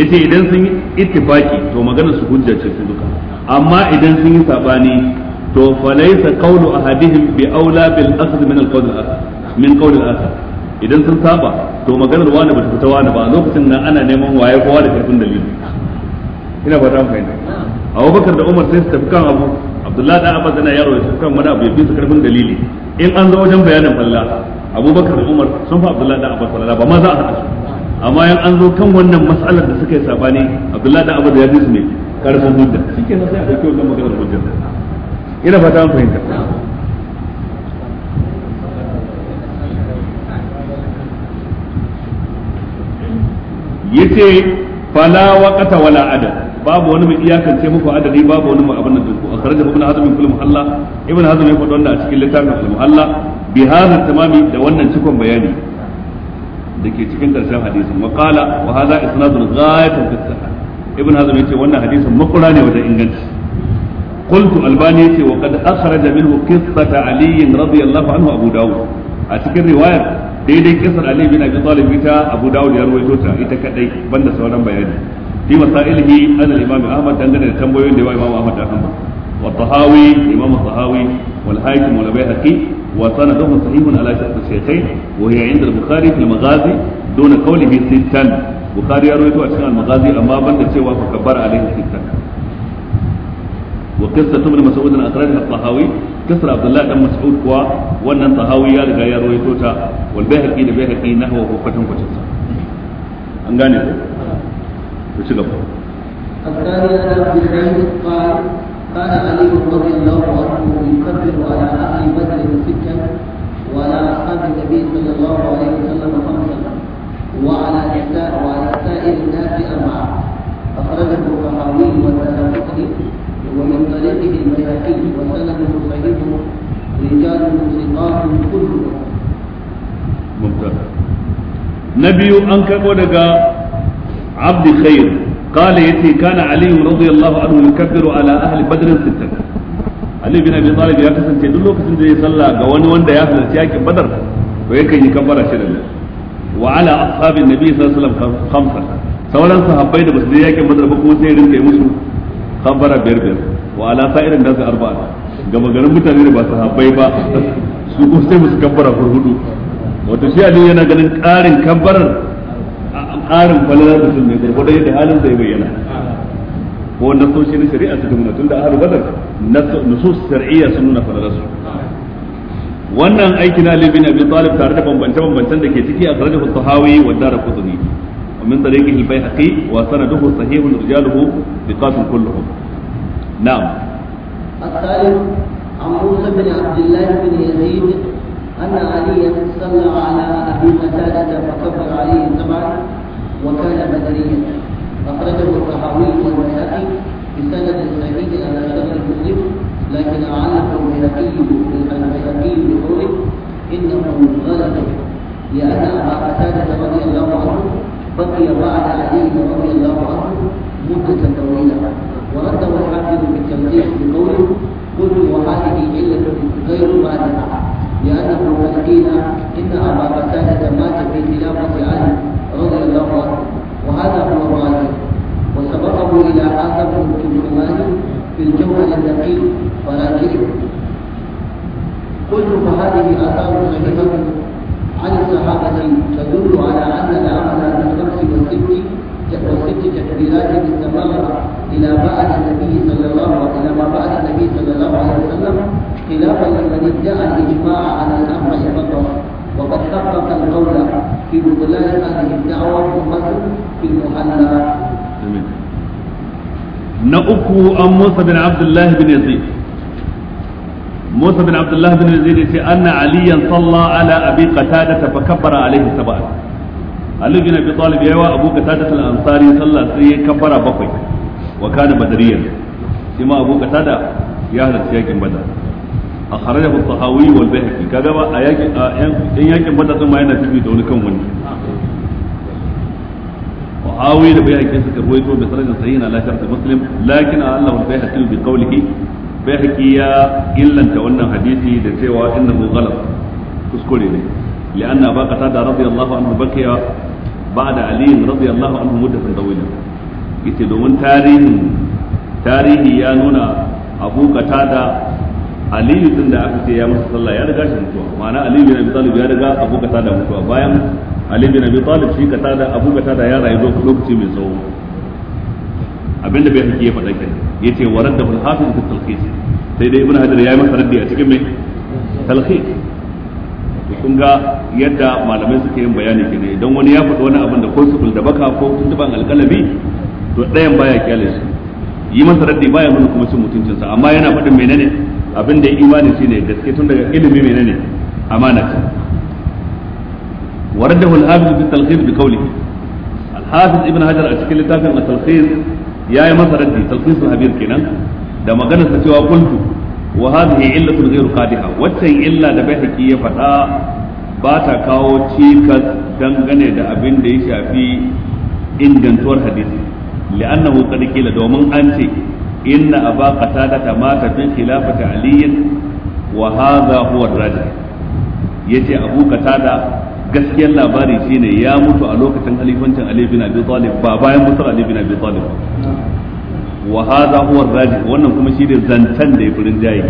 yace idan sun yi ittifaki to maganar su hujja ce su duka amma idan sun yi sabani to falaysa qawlu ahadihim bi aula bil asl min al qawl min qawl al akhar idan sun saba to maganar wani ba ta fita wani ba lokacin nan ana neman waye kowa da karfin dalili ina fata mu fahimta Abubakar da Umar sai su tafi kan abu Abdullahi da Abbas yana yaro ya tafi kan wani abu ya fi su karfin dalili in an zo wajen bayanin falla abubakar umar sun fa abdullahi da abbas walala ba ma za a haɗa su amma yan an zo kan wannan matsalar da suka yi sabani abdullahi da abbas ya ji su ne karfin hujja shike na sai a dauki wannan maganar hujja ina fata an fahimta yace fala waqata wala adad babu wani mai iyakance muku adadi babu wani mu abin da ku akhraja ibn hazm min kulli muhalla ibn hazm ya faɗi wannan a cikin littafin al-muhalla bi hadha tamami da wannan cikon bayani da ke cikin karshen hadisin wa qala wa hadha isnadun ghaayatun fi sahih ibn hazm yace wannan hadisin makura ne wajen inganci qultu albani yace wa qad akhraja minhu qissat ali radiyallahu anhu abu daud a cikin riwayar daidai kisar ali bin abi talib ita abu daud ya rawaito ta ita kadai banda sauran bayani fi masailihi an al-imam ahmad dangane da tambayoyin da ya imam ahmad da hanba wa tahawi imam tahawi wal hakim wal bayhaqi وسنده صحيح على شرط الشيخين وهي عند البخاري في المغازي دون قوله ستا بخاري يروي عشان المغازي أما بند سوى فكبر عليه ستا وقصة ابن مسعود أخرجها الطهاوي قصة عبد الله بن مسعود كوا وأن الطهاوي يرجع يروي توتا والبيهقي لبيهقي نحوه فتن فتن أنغاني وشكرا الثاني عن عبد الحميد قال قال علي رضي الله عنه يكبر على اهل بدر ستا وعلى اصحاب النبي صلى الله عليه وسلم خمسا وعلى نساء وعلى سائر الناس اربعه اخرجه الطحاوي والترمذي ومن طريقه البيهقي وسنده صحيح رجاله ثقات كلهم ممتاز نبي أنكر ودقا عبد خير قال يتي كان علي رضي الله عنه يكبر على أهل بدر ستا علي بن أبي طالب يا كسن تدلو كسن دي صلى قوان واندا يا أهل بدر ويكن يكبر شرع وعلى أصحاب النبي صلى الله عليه وسلم خمسة sauran sahabbai da basu je yakin badar ba kuma sai rinka yi musu khabbara biyar biyar wa ala sa'irin da su arba'a ga maganin mutane da ba sahabbai ba su kuma musu kabbara hurhudu wato shi yana ganin ƙarin kabbarar tsarin da sun ne gwargwadon yadda halin zai bayyana ko nasoshi na shari'a su suka nuna tunda a harbar nasos shari'a sun nuna falalar su wannan aikin na alibin abin Talib tare da bambance bambancen da ke ciki a tare da Tahawi wa Darqutni wa min tariqihi al-Baihaqi wa وسنده صحيح رجاله بقاس كلهم نعم الثالث عن موسى بن عبد الله بن يزيد أن علي صلى على أبي قتادة فكفر عليه سبعا وكان مدنيا أخرجه الطحاوي والبيهقي بسند صحيح على شرح مسلم لكن أعلق البيهقي البيهقي بقوله إنه غلط لأن أبا قتادة رضي الله عنه بقي بعد علي رضي الله عنه مدة طويلة ورده الحافظ بالتمسيح بقوله كل وهذه علة غير بعدها لأنه قد قيل إن أبا قتادة مات في خلافة علي دون اللغة وهذا هو الراجح وسبقه إلى حاكم ابن الترجمان في الجوهر الدقيق ولكن قلت فهذه آثار كثيره عن الصحابة تدل على أن العمل بالخمس والست والست تكبيرات استمر إلى بعد النبي صلى الله إلى ما بعد النبي صلى الله عليه وسلم خلافا لمن ادعى الإجماع على الأمر فقط وقد حقق القول في بطلان هذه الدعوة والمكر في المحلى na uku an Musa bin Abdullahi bin Musa bin Abdullahi bin Yazid yace anna aliyan salla ala abi qatada fa kabbara alaihi sab'a Ali bin Abi Talib yawa Abu Qatada al-Ansari sallah sai ya kabbara bakwai wa kana badriyan shi ma ya halarci yakin Badar akhrajahu at-tahawi wal bayhaqi kaga ba a yaki in yakin bada sun ma yana bibi da wani kan wani وعاوي لبيهقي سكر ويتو بسرج صحيح على شرط مسلم لكن الله البيهقي بقوله بيهقي يا إلا أنت وانا حديثي لسوى إنه غلط تذكري لي لأن أبا قتادة رضي الله عنه بكي بعد علي رضي الله عنه مدة طويلة يتدون تاريخ تاريخ يا نونا أبو قتادة aliyu din da aka ce ya masa sallah ya riga shi mutuwa ma'ana aliyu bin abi talib ya riga abu da mutuwa bayan aliyu bin abi talib shi qatada abu da ya rayu lokaci mai tsawo abinda bai hakiye faɗa kenan yace waradda fil hafiz fi talqis sai dai ibnu hajar ya yi masa raddi a cikin mai talqis kun ga yadda malamai suke yin bayani ne idan wani ya faɗi wani abin da ko sufil da baka ko tuntuban alƙalami to ɗayan baya kyale shi yi masa raddi baya mun kuma cin mutuncinsa amma yana faɗin menene abin da imani shine gaske tun daga ilimi menene amana ce waradahu al-hafiz bi talqis bi qawlihi al-hafiz ibn hajar a cikin littafin at-talqis yayi masa raddi talqis habir kenan da magana sa cewa qultu wa hadhihi illatun ghayru qadiha waccan illa da bai haƙi ya faɗa ba ta kawo cikas dangane da abin da ya shafi ingantuwar hadisi li'annahu qad qila domin an ce inna aba qatada mata min khilafati ali wa hadha huwa ar-rajul yace abu qatada gaskiyar labari shine ya mutu a lokacin halifancin ali bin abi talib ba bayan mutuwar ali bin abi talib wa hadha huwa wannan kuma shine zantan da ya furin jayi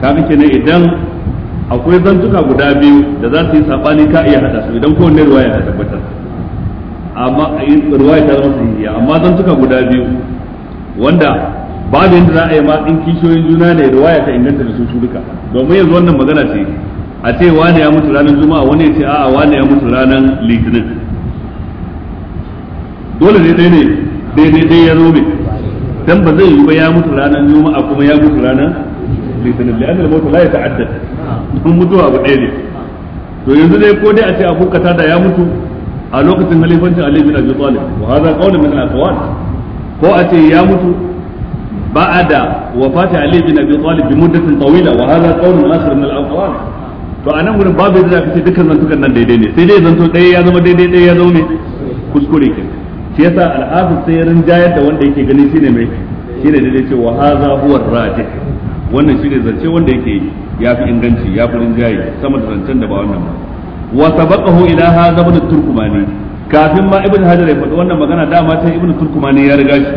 kaga kenan idan akwai zantuka guda biyu da za su yi sabani ka iya hada idan ruwaya ruwaya ta amma zantuka guda biyu wanda babu yadda za a yi ma in kishiyoyin juna ne riwaya ta inganta da su su duka domin yanzu wannan magana ce a ce wani ya mutu ranar juma'a wani ya ce a'a wani ya mutu ranar litinin dole ne dai ne daidai dai ya zo ne dan ba zai yi ba ya mutu ranar juma'a kuma ya mutu ranar litinin da annal mutu la ya ta'addad mun mutuwa abu ɗaya ne to yanzu dai ko dai a ce abu kata da ya mutu a lokacin halifancin Ali bin Abi Talib wa hadha qawlun min al-aqwal ko a ce ya mutu ba'ada wafati ali bin abi talib bi muddatin tawila wa hadha qawlun akhar min al-aqwal to anan gurin babu yadda zaka ce dukkan zantukan nan daidai ne sai dai zanto ɗaya ya zama daidai ɗaya ya zama ne kuskure ke shi yasa al-hafiz sai ya rinjayar da wanda yake gani shine mai shine daidai ce wa hadha huwa rajih wannan shine zance wanda yake fi inganci ya fi rinjaye sama da zancen da ba wannan ba wa sabaqahu ila hadha ibn turkumani kafin ma ibn hajar ya faɗi wannan magana dama sai ibn turkuma ne ya riga shi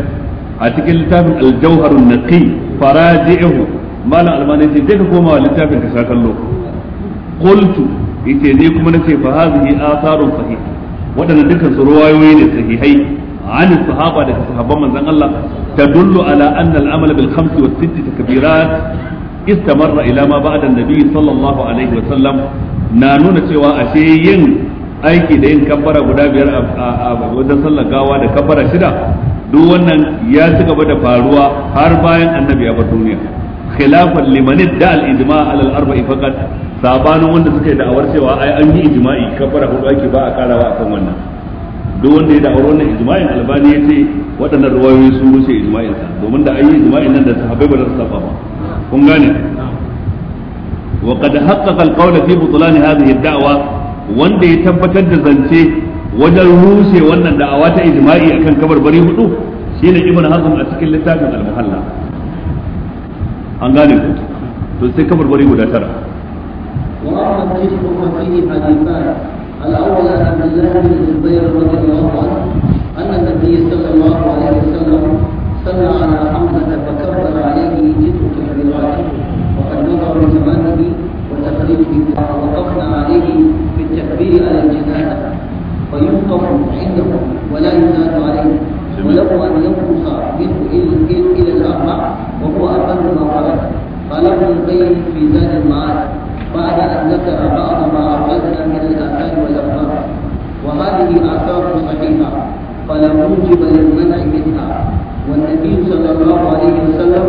a cikin littafin aljauharun naqi faraji'uhu malam almani ce daga koma littafin ka sa kallo ne kuma nace fa hadhihi atharun sahih wadannan dukkan su ruwayoyi ne sahihai an sahaba da sahabban manzon Allah tadullu ala anna al-amal bil khamsi wa sitti takbirat istamarra ila ma ba'da an-nabi sallallahu alaihi wa sallam na nuna cewa ashe yin aiki da yin kabbara guda biyar a wajen sallar gawa da kabbara shida duk wannan ya ci gaba da faruwa har bayan annabi ya bar duniya khilafan liman da al ijma ala al arba'i faqat sabanin wanda suka yi da'awar cewa ai an yi ijma'i kabbara hudu ake ba a karawa akan wannan duk wanda ya da'awar wannan ijma'in albani yace waɗannan ruwayoyi sun wuce ijma'in sa domin da an yi ijma'in nan da sahabbai ba za su saba ba kun gane وقد حقق القول في بطلان هذه الدعوة wanda ya tabbatar da zance wajen rushe wannan da'awa ta ijma'i akan kabar bari hudu shine ibn hazm a cikin littafin al-muhalla an gane ku to sai kabar bari guda tara وروى الشيخ الاول عن عبد الله بن الزبير رضي الله عنه ان النبي صلى الله عليه وسلم صلى على حمزه فكبر عليه جزء تكبيراته وقد نظر لزمانه وتقريبه ووقفنا عليه لتحبير على الجنازة فينقف عندهم ولا يزاد عليه وله أن ينقص منه إلى الأربع وهو أقل ما ورد قاله القيم في زاد المعاد بعد أن ذكر بعض ما اخذنا من الآثار والأخبار وهذه آثار صحيحة فلا موجب للمنع منها والنبي صلى الله عليه وسلم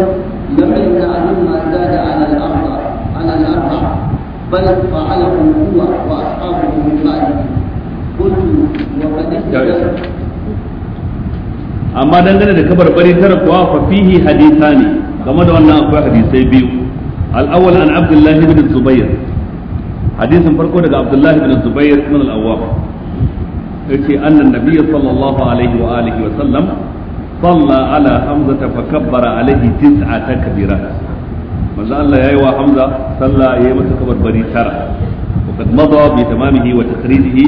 لم يمنع مما زاد على الأربع على الأربع بل فعله هو واصحابه من بعده قلت وقد اهتدى amma dangane da kabar bari tara kuwa fa fihi hadithani game da wannan akwai hadisai biyu al-awwal an Abdullah ibn Zubair hadisin farko daga Abdullah ibn Zubair ibn al-Awwam yace anna an-nabiy sallallahu alaihi wa alihi wa sallam صلى على حمزة فكبر عليه تسع تكبيرات manzo Allah yayi wa Hamza sallah yayi masa kabarbari tara wa kad madha bi tamamihi wa takhrijihi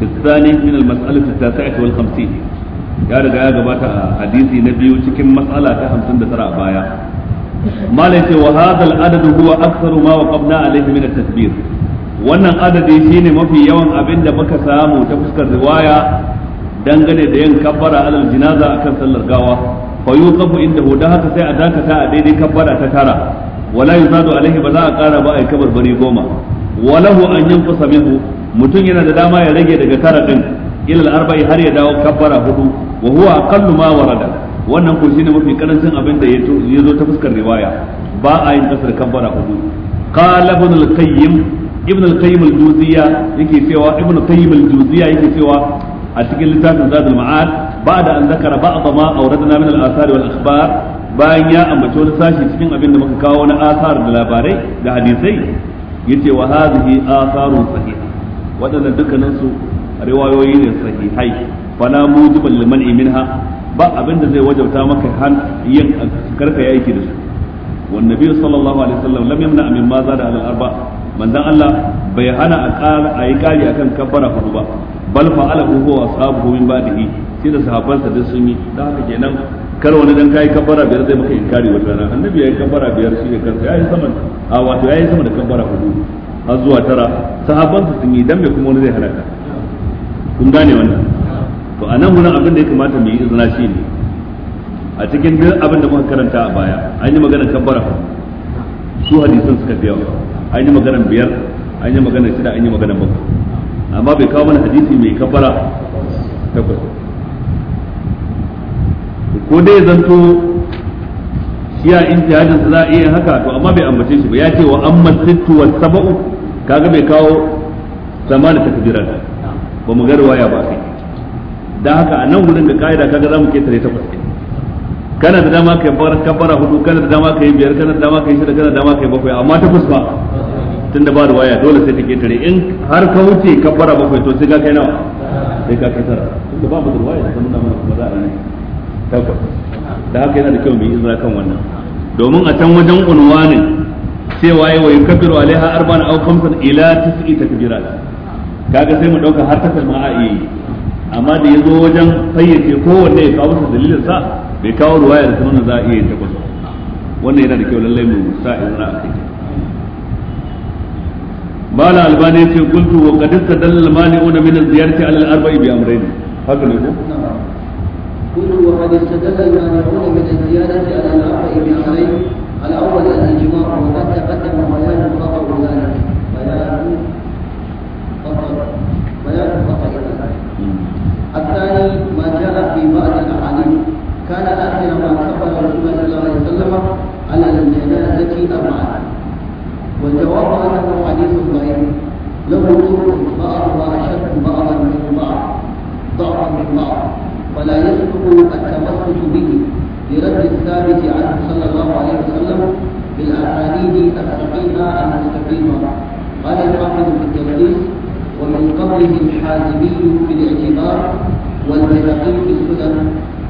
fi thani min al mas'alah al tasi'ah wal 50 ya riga ya gabata a hadisi na biyu cikin mas'ala ta 59 a baya malai ce wa hadha al adad huwa aktharu ma waqabna alayhi min al tasbir wannan adadi shine mafi yawan abin da muka samu ta fuskar riwaya dangane da yin kabbara alal jinaza akan sallar gawa fa yuqafu indahu da haka sai a dakata a daidai kabbara ta tara wala yuzadu alaihi ba za a kara ba a kabar bari goma walahu an yanfusa minhu mutum yana da dama ya rage daga tara din ila arba'i har ya dawo kabbara hudu wa huwa aqallu ma warada wannan ko shine mafi karancin abin da ya zo ta fuskar riwaya ba a yin kasar kabbara hudu qala ibn al-qayyim ibn al-qayyim al-juziyya yake cewa ibn al-qayyim al-juziyya yake cewa a cikin littafin zadul ma'ad بعد أن ذكر بعض ما أوردنا من الآثار والأخبار bayan ya ambaci wani sashi cikin abin da muka kawo na asar da labarai da hadisai yace wa hadhihi asarun sahiha wadannan dukkanin su riwayoyi ne sahihai fala mujiban liman minha ba abin da zai wajabta maka han yin karka yaki da su wan nabi sallallahu alaihi wasallam lam yamna min ma zada al arba manzon Allah bai hana a ƙara a yi ƙari akan kabbara hudu ba bal fa'alahu huwa ashabuhu min ba'dihi sai da sahabbansa duk sun yi da haka kenan kar wani dan kai kabbara biyar zai maka inkari wata rana annabi yayi kabbara biyar shi ne kansa yayi sama a wato yayi sama da kabbara hudu har zuwa tara sahabbansa sun yi dan me kuma wani zai halaka kun gane wannan to anan mun abin da ya kamata mu yi izina shi ne a cikin duk abin da muka karanta a baya an yi magana kabbara su hadisin suka fi yawa an yi magana biyar an yi magana shida an yi magana bakwai amma bai kawo mana hadisi mai kabbara takwas ko dai zanto shi a intihadin su za a iya haka to amma bai ambace shi ba ya ce wa amma sittu wa sab'u kaga bai kawo zamanin takbiran ba mu garwa ya ba kai dan haka a nan gurin da kaida kaga zamu ke tare takwas kana da dama kai bar bara hudu kana da dama kai biyar kana da dama kai shida kana da dama kai bakwai amma takwas ba tun da ba ruwaya dole sai ta tare in har ka wuce ka fara bakwai to sai ka kai nawa sai ka kai tara tun da ba mu ruwaya da nuna mana kuma za a nan takwas da haka yana da kyau mu yi izra kan wannan domin a can wajen unwa ne cewa ya wayi kabiru alaiha arba'an aw khamsan ila tis'i takbirat kaga sai mu dauka har takwas ma a yi amma da yazo wajen fayyace kowanne ya kawo dalilin sa bai kawo ruwaya da nuna za a iya takwas wannan yana da kyau lallai mu sa izra a kai مال albani yace qultu wa qad istadalla al-mani'un min az-ziyarati ala al قلت وقد استدل المانعون من الزيادة نعم. على الأربع بأمرين الأول أن الإجماع وقد تقدم بيان الخطأ ذلك بيان الخطأ بيان خطأ ذلك الثاني ما جاء في بعض الأحاديث كان آخر ما كفر رسول الله صلى الله عليه وسلم على الجنازة أربعة والجواب أنه حديث ضعيف له وجوه بعضها أشد بعضا من بعض ضعفا من بعض ولا يسلك التمسك به لرد الثابت عنه صلى الله عليه وسلم بالأسانيد الصحيحة المستقيمة قال الحافظ في التلخيص ومن قبله الحازمي في الاعتبار والبيهقي في السنن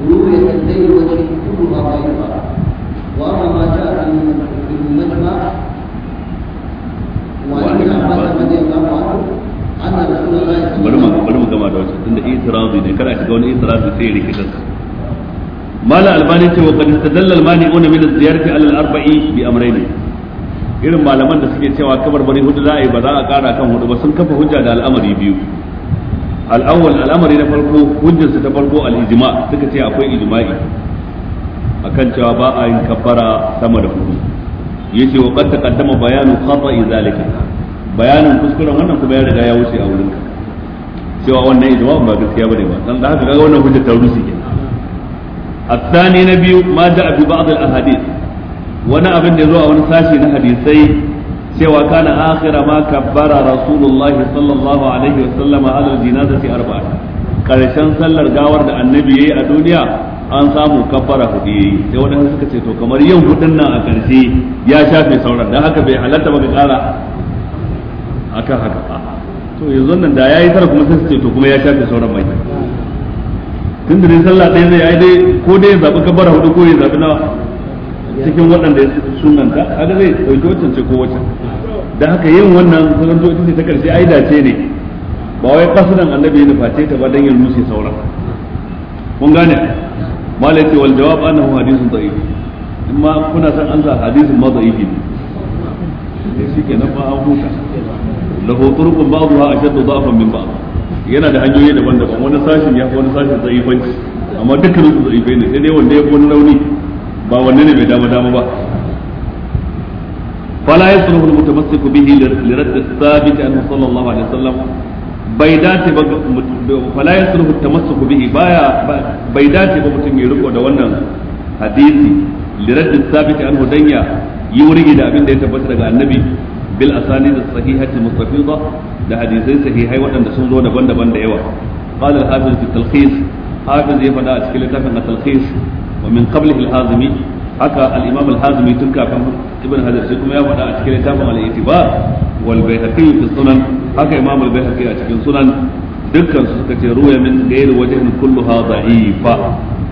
رؤية الليل وجه كلها ضعيفة وأما ما جاء في المجمع وعن ابن عباس رضي الله عنه أن رسول الله صلى الله عليه وسلم bari mu gama da wancan tunda itirazi ne kada shiga wani itirazi sai ya rikitar mala albani ce wa qad istadalla almani'una min az-ziyarati ala al-arba'i bi amrayn irin malaman da suke cewa kabar bari hudu za a yi ba za a kara kan hudu ba sun kafa hujja da al'amari biyu al'awwal al'amari na farko hujjarsu ta farko al'ijima suka ce akwai ijma'i akan cewa ba a yin kabbara sama da hudu yace wa qad taqaddama bayanu khata'i zalika bayanin kuskuren wannan kuma ya riga ya wuce a wurinka cewa wannan ijma'un ba gaskiya bane ba dan da haka kaga wannan hujja ta rusi ke الثاني نبي ما جاء في بعض الأحاديث وانا أبن يزوى وانا ساشي نحديثي سوى كان آخر ما كبر رسول الله صلى الله عليه وسلم على الجنازة أربعة karshen sallar gawar da annabi yi a duniya an samu kafara hudu yayi sai waɗanda suka ce to kamar yin hudun nan a ƙarshe ya shafe sauran da haka bai halatta ba ka ƙara akan haka to yanzu nan da yayi tara kuma sai su ce to kuma ya shafe sauran mai tun da dai sallah ɗaya zai yi dai ko dai ya zaɓi kafara hudu ko ya zaɓi na cikin waɗanda ya sunanta haka zai ɗauki wancan ce ko wancan da haka yin wannan sunan to ita ce ta ƙarshe ai dace ne ba wai kasudan annabi ya ce ta ba dan ya rushe sauran mun gane malaka wal jawab annahu hadithun da'if in ma kuna san an sa hadisin ma da'ifi ne shi ke nan ba an huta lahu turqun ba'dha ashaddu da'fan min ba'd yana da hanyoyi daban-daban wani sashin ya fi wani sashin da'ifanci amma dukkan su da'ifai ne sai dai wanda ya fi wani rauni ba wanne ne bai dama dama ba fala فلا يصلح المتمسك به لرد الثابت عنه صلى الله عليه وسلم bai dace ba fala yasluhu tamassuku bihi baya bai dace ba mutum ya riko da wannan hadisi liradd sabit an hudanya yi wuri da abin da ya tabbata daga annabi bil asanid sahihati mustafida da hadisai sahihai waɗanda sun zo daban-daban da yawa qala al-hafiz fi talkhis hafiz ya faɗa a cikin littafin at-talkhis wa min qablihi al-hazimi haka al-imam al-hazmi tun kafin ibn hajar sai kuma ya faɗa a cikin littafin al-itibar wal bayhaqi fi sunan haka imam al-bayhaqi a cikin sunan dukkan su suka ce ruwaya min ghairi wajhin kulluha da'ifa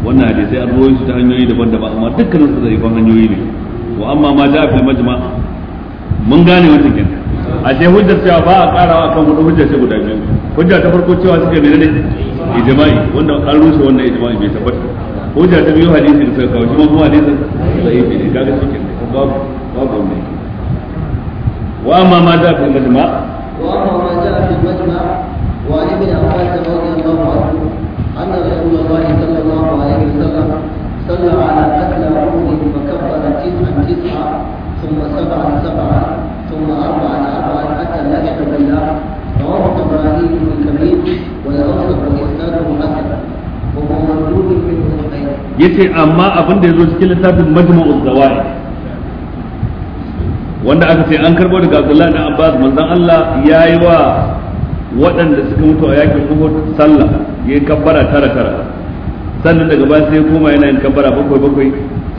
wannan hadisi an ruwaye su ta hanyoyi daban-daban amma dukkan su da'ifan hanyoyi ne wa amma ma da fil majma mun gane wannan kenan a ce hujjar cewa ba a karawa kan hudu hujjar ce guda biyu hujja ta farko cewa suke menene ijma'i wanda an rushe wannan ijma'i bai tabbata hujja ta biyu hadisi da suka shi kuma hadisin da'ifi ne kaga shi kenan babu babu wannan wa amma ma da fi majma wa amma ma da fi majma wa ali bin abbas radiyallahu anhu anna rasulullah sallallahu alaihi wasallam صلى على قتل عمره فكفر تسعا تسعا ثم سبعا سبعا ثم اربعا اربعا حتى لحق بالله رواه الطبراني الكبير ولا اصدق اسناده حتى yace amma abin da yazo cikin littafin majmu'u zawai wanda aka ce an karbo daga Abdullahi bin Abbas manzon Allah yayi wa waɗanda suka mutu a yakin Uhud sallah ya kabbara tara tara sannan daga baya sai koma yana yin kabbara bakwai bakwai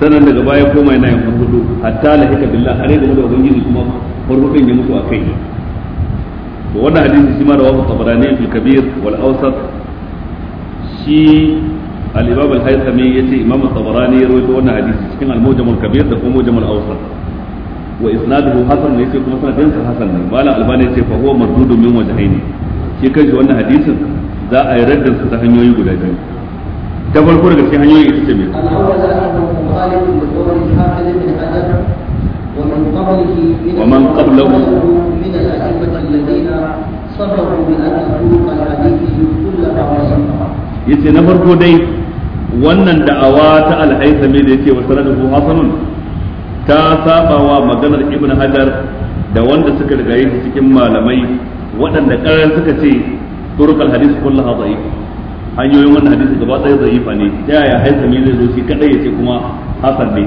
sannan daga baya koma yana yin hudu hatta la hika billah har da da ubangiji kuma farkon ya mutu a kai to wannan hadisi shi ma rawahu tabarani fil kabir wal awsat shi al-imam al-haythami yace imam at-tabarani ya rawaito wannan hadisi cikin al-mujam al-kabir da kuma mujam al-awsat wa isnaduhu hasan ne yace kuma sanadin sa hasan wannan hadisin za a yi raddin su ta hanyoyi guda biyu ta farko daga cikin hanyoyi ita ce me al-awwal annahu mukhalifun li qawli hafiz ibn hajar ومن قبله ومن قبله من الأئمة الذين صرفوا بأن الطرق الحديث كلها وصفها. يتنفر dai. wannan da'awa ta alhaisami da yake wa sanaduhu hasanun ta saba wa maganar ibn hajar da wanda suka rigaye shi cikin malamai waɗanda ƙarar suka ce turkal hadisi kullu ha da'if hanyoyin wannan hadisi gaba ɗaya da'ifa ne ta yaya haisami zai zo shi kadai yace kuma hasan ne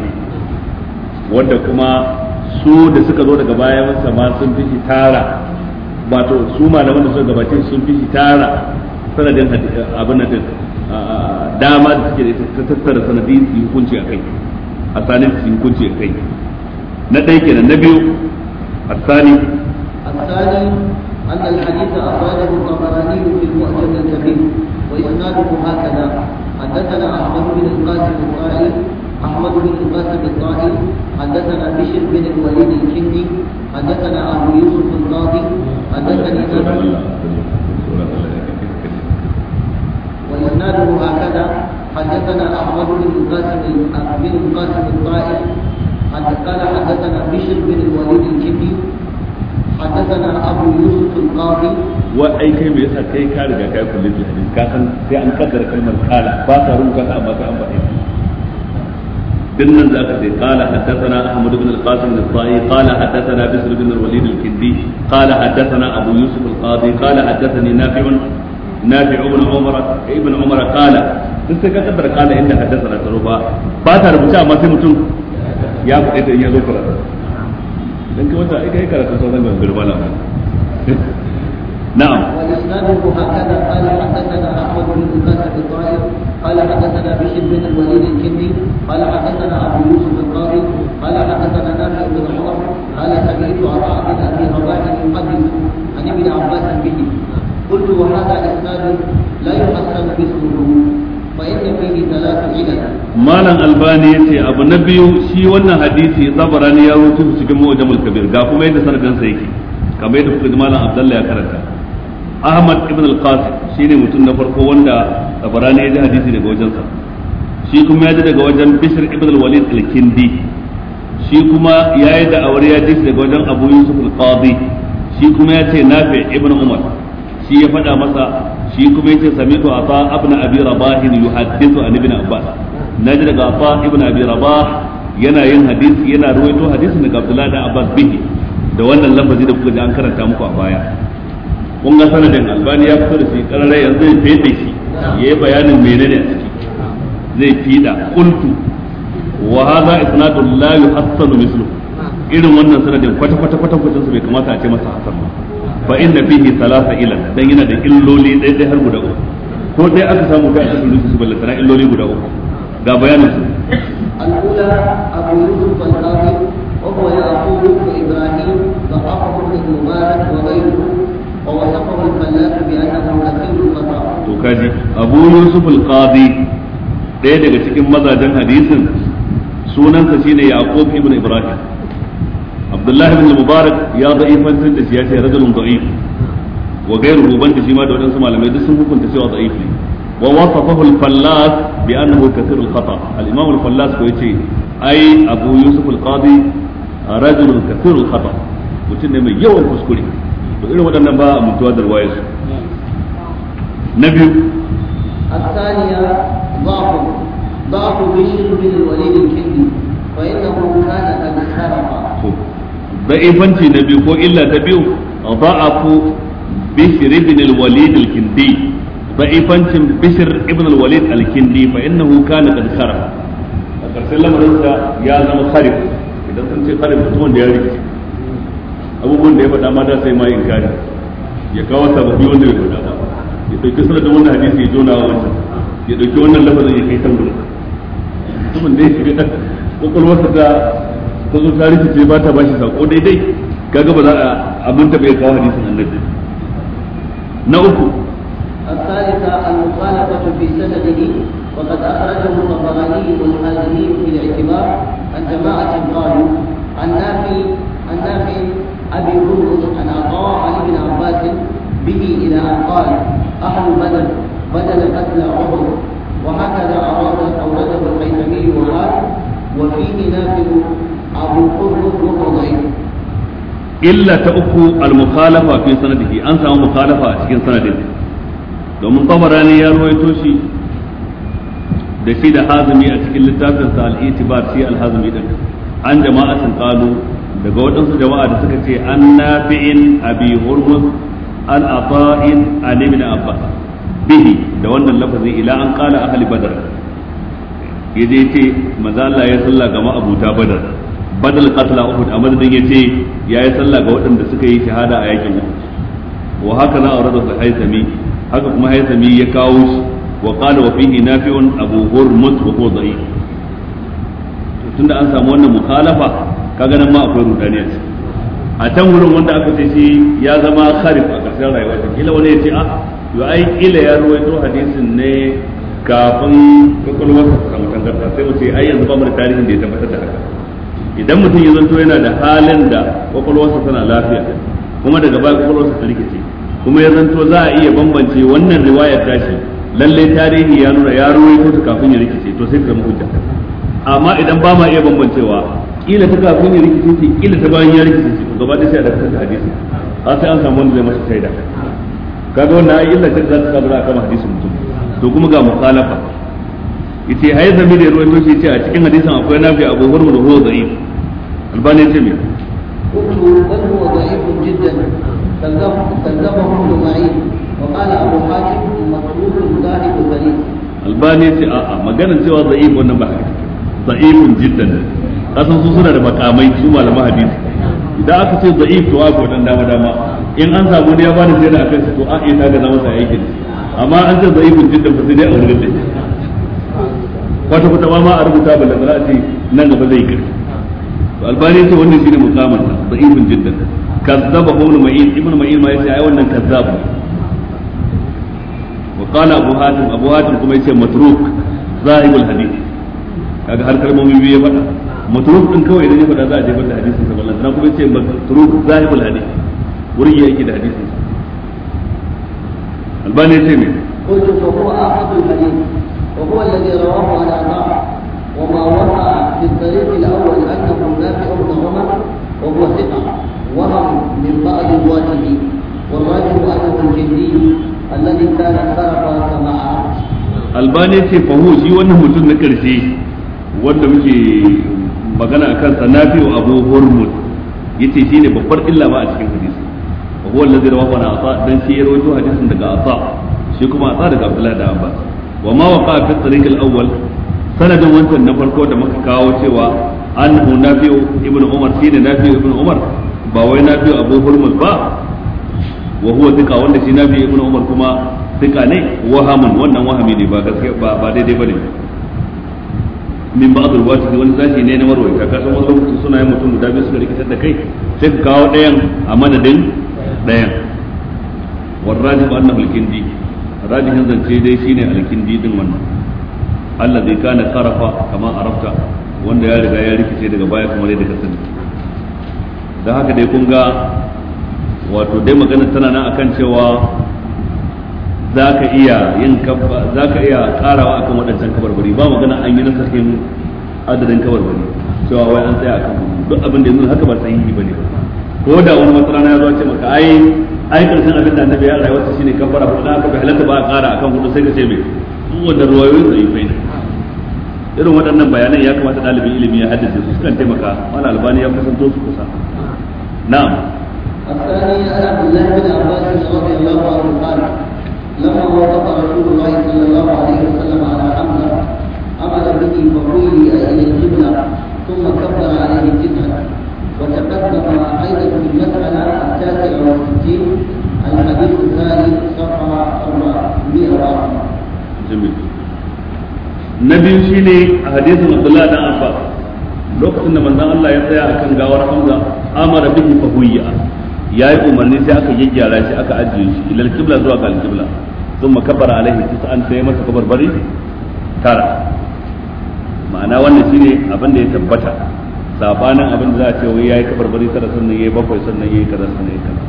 wanda kuma su da suka zo daga baya sama sun fi tara wato su malaman da suka gabace sun fi tara sanadin abin nan dama da suke da ita ta tattara sanadi su hukunci a kai a sanin su hukunci a kai na ɗaya kenan na biyu a sani أن الحديث أخرجه الطبراني في المعجم الكبير وإسناده هكذا حدثنا أحمد بن القاسم الطائي أحمد بن القاسم الطائي حدثنا بشر بن الوليد الكندي حدثنا أبو يوسف القاضي حدثني ويناله هكذا حدثنا احمد بن قاسم بن قاسم الطائي قال حدثنا بشر بن الوليد الكبي حدثنا ابو يوسف القاضي وأي كلمة يسا كي كارجا كي يكون لجي حديث كاسن سي أن قدر كلمة قال فاتا روم كاسا أما كأم بحيث دلنا ذاك قال حدثنا أحمد بن القاسم الصائي قال حدثنا بسر بن الوليد الكندي قال حدثنا أبو يوسف القاضي قال حدثني نافع نافع بن عمر ابن عمر قال in sai ka kaddara kala inda haddasa na tsaro ba ba ta rubuta amma sai mutum ya faɗi da ya zo karatu dan kai wata ai karatu sai zan gangara malam نعم وإسناده هكذا قال حدثنا أحمد بن قال حدثنا بشر بن الوليد الكندي قال حدثنا أبو يوسف القاضي قال حدثنا نافع بن عمر قال سمعت عطاء بن أبي رباح يقدم عن ابن عباس به قلت وهذا إسناد لا يحسن مثله malam albani ya ce abu na biyu shi wannan hadisi tsabarani ya rutu cikin mawajamul kabir ga kuma yadda sanadinsa yake kamar yadda kuka ji malam abdullahi ya karanta ahmad ibn al-qasim shine mutum na farko wanda tsabarani ya ji hadisi daga wajensa shi kuma ya ji daga wajen bishr ibn al-walid al-kindi shi kuma ya yi da'awar ya ji daga wajen abu yusuf al-qadi shi kuma ya ce nafi ibn umar shi ya faɗa masa shi kuma yace sami'tu ata abna abi rabah yuhaddithu an ibn abbas naji daga ata ibn abi rabah yana yin hadisi yana ruwaito hadisi daga abdullahi da abbas bihi da wannan lafazi da kuka ji an karanta muku a baya kun ga sanadin albani ya fito da shi karare yanzu zai fede shi ya yi bayanin menene a ciki zai fida kuntu wa hadha isnadun la yuhassanu mithluhu irin wannan sanadin kwata kwata kwata kwata su bai kamata a ce masa hasan ba fa inna fihi thalatha ilal dan yana da illoli dai dai har guda uku ko dai aka samu kai aka rubuta su balla tana illoli guda uku ga bayanin su al-ula abu yusuf al-qasim wa huwa yaqulu fi ibrahim wa hafiz ibn mubarak wa ghayruhu wa wasafahu al-fallah bi annahu lakinul qata to kaji abu yusuf al-qadi daya daga cikin mazajen hadisin sunansa shine yaqub ibn ibrahim عبد الله بن المبارك يا ضعيف انت انت يا رجل ضعيف وغيره بنت شيما دو دان سما لما يدسن حكم انت سوى ضعيف ووصفه الفلاس بانه كثير الخطا الامام الفلاس كويتي اي ابو يوسف القاضي رجل كثير الخطا وتنمي مي يوم فسكري وغير ما دان با متواد الروايه نبي الثانية ضعف ضعف بشير بن الوليد الكندي فإنه كان قد سرق da'ifanci na biyu ko illa ta biyu da'afu bishir ibn al-walid al-kindi da'ifancin bishir ibn al-walid al-kindi a karshen lamarin da ya rike abubuwan da ya faɗa ma da sai ma inkari ta zo ta rikice ba ta bashi sako daidai kaga ba za a aminta bai kawo hadisin annabi na uku الثالثة المخالفة في سنده وقد أخرجه الطبراني والحاكمي في الاعتبار عن جماعة قالوا عن نافي عن نافي أبي هرمز عن عطاء ابن عباس به إلى أن قال أهل بدر بدل قتل عمر وهكذا أورده الخيثمي وقال وفيه نافع illa ta uku al-mukhalafa fi sanadihi an samu mukhalafa a cikin sanadin domin tabarani ya ruwaito shi da shi da hazumi a cikin littafin sa al-itibar shi al-hazumi din an jama'a sun kalu daga waɗansu jama'a da suka ce an nafi'in abi hurmus an ata'in an ibn abbas bihi da wannan lafazin ila an qala ahli badar. yaje ce manzo Allah ya salla ga ma'abuta badar badal qatla uhud a madadin yace yayi sallah ga waɗanda suka yi shahada a yakin uhud wa haka na arada fi haythami haka kuma haythami ya kawo shi wa qala wa fihi nafi'un abu hurmut wa huwa da'if tunda an samu wannan mukhalafa kaga nan ma akwai rudani a ciki a can wurin wanda aka ce shi ya zama kharif a ƙarshen rayuwa ta kila wani ya ce ah yo ai kila ya ruwaito hadisin ne kafin kwakwalwar ta samu tangarda sai mu ce ai yanzu ba mu da tarihin da ya tabbatar da haka idan mutum ya zanto yana da halin da kwakwalwarsa tana lafiya kuma daga baya kwakwalwarsa ta rikice kuma ya zanto za a iya bambance wannan riwayar tashi lallai tarihi ya nuna ya ruwaito ta kafin ya rikice to sai ka zama hujja amma idan ba ma iya bambancewa kila ta kafin ya rikice ce kila ta bayan ya rikice ce ko gaba ɗaya sai a dakatar da hadisi har sai an samu wanda zai masa shaida kaga wannan ai illa ce za ta samu akan hadisin mutum to kuma ga mukhalafa yace hayy da ya to shi ce a cikin hadisin akwai nafi abu da huwa da'if albani ce me قلت بل هو ضعيف جدا كذبه ابن معين وقال ابو حاتم مطلوب ذلك ضعيف albani ce a'a maganar cewa za'if wannan ba haka za'ifun jiddan kasan su suna da makamai su malaman hadisi idan aka ce za'if to abu wadan dama dama in an samu ne ya bani sai da akan shi to a iya ta gaza masa aikin amma an ce za'ifun jiddan ba sai dai a wurin da kwata kwata ma a rubuta ba da ce nan gaba zai kirki albani ce wannan shine jiddan kazzaba ibn ma'in ibn ma'in ma yace ai wannan kazzab wa qala abu hatim abu hatim kuma yace matruk zahibul hadith kaga har kalmomi matruk din kawai idan ya za a jefar da hadisin sa kuma yace matruk zahibul hadith yake da hadisin sa albani yace me وهو الذي رواه الأربعة وما وقع في الطريق الأول أنه نافع بن عمر وهو ثقة وهم من بعض الواجبين والراجح أنه الجندي الذي كان سرق سماعه albani ce fahu shi wannan mutum na karshe wanda muke magana a kansa na fi abu hormuz ya ce shi ne babbar illa ba a cikin hadisi wa huwa allazi rawahu an asa dan shi ya rawaito hadisin daga asa shi kuma asa daga abdullahi da abbas wa ma waqa fi tariq al-awwal sanadin wancan na farko da muka kawo cewa na biyu ibn umar na biyu ibn umar ba wai biyu abu hurmus ba wa huwa duka wanda shi biyu ibn umar kuma duka ne wahamun wannan wahami ne ba gaskiya ba ba min ba min ruwa cikin wani sashi ne na marwaita ka san wasu suna yin mutum guda biyu suka rikitar da kai sai ka kawo ɗayan a madadin ɗayan ba annahu alkindi rajin zance dai shine alkindi din wannan Allah zai kana sarafa kamar arabta wanda ya riga ya rikice daga baya kamar yadda ka sani don haka dai kun ga wato dai magana tana nan akan cewa za ka iya yin za ka iya karawa akan waɗancan kabarbari ba magana an yi nasahin adadin kabarbari cewa wai an tsaya akan duk abin da yanzu haka ba sahihi bane ko da wani masana ya zo ce maka ai ai karshen abin da annabi ya rayuwarsa shine kafara ko dan aka bai halatta ba a kara akan hudu sai ka ce me wanda ruwayoyin da yake ne irin waɗannan bayanan ya kamata ɗalibin ilimi ya haddace su sukan taimaka wani albani ya kusanto su kusa na'am الثاني عن عبد الله بن عباس رضي الله عنه قال لما وقف رسول الله صلى الله عليه وسلم على حمزه عمل به فقولي الى القبله ثم كبر عليه جدا وتقدم أيضا في المسألة التاسعة والستين الحديث الثالث صفحة 404 جميل na biyu shine a hadisin Abdullah dan Abbas lokacin da manzon Allah ya tsaya akan gawar Hamza amara bihi fa huyya yayi umarni sai aka gyaggyara shi aka ajiye shi ilal qibla zuwa ga al-qibla thumma kabara alaihi tis'an sai masa kabar bari tara ma'ana wannan shine abin da ya tabbata sabanin abin da za a ce wai yayi bari tara sannan yayi bakwai sannan yayi kaza sannan yayi kaza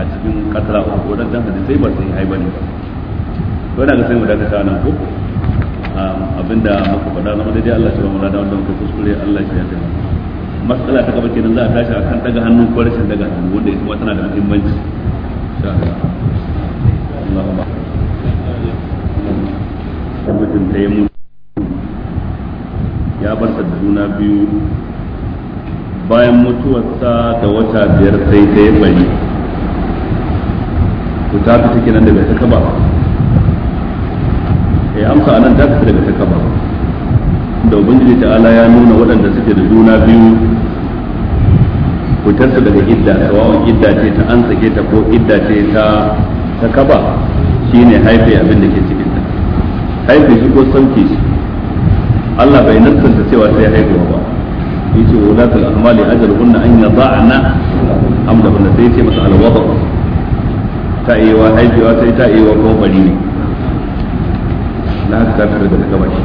a cikin katara uku wadannan hadisai ba sai hai bane to da ga sai mu dakata nan ko abinda muka faɗa na madadi Allah ya ba mu ladan wannan kuskure Allah ya tsaya matsala ta gaba kenan za a tashi akan daga hannu ko rashin daga hannu wanda ita tana da muhimmanci insha Allah Allahumma mutum ya bar da juna biyu bayan mutuwarsa da wata biyar sai ta yi bari ku ta fita nan daga ta kaba Ya eh, amsa anan ta fi daga ta kaba da ubangiji ta'ala ya nuna waɗanda suke da juna biyu tarsa daga idda tsawon idda ce ta an sake ta ko idda ce ta ta kaba ne haife abin da ke cikin ta haife shi ko sauke shi Allah bai nan cewa sai haihuwa ba yace wulatul ahmali ajaluhunna an yada'na amdahunna sai yace masa alwada ta yi wa haihuwa sai ta yi wa ko bari ne na haka ta daga daga gaba shi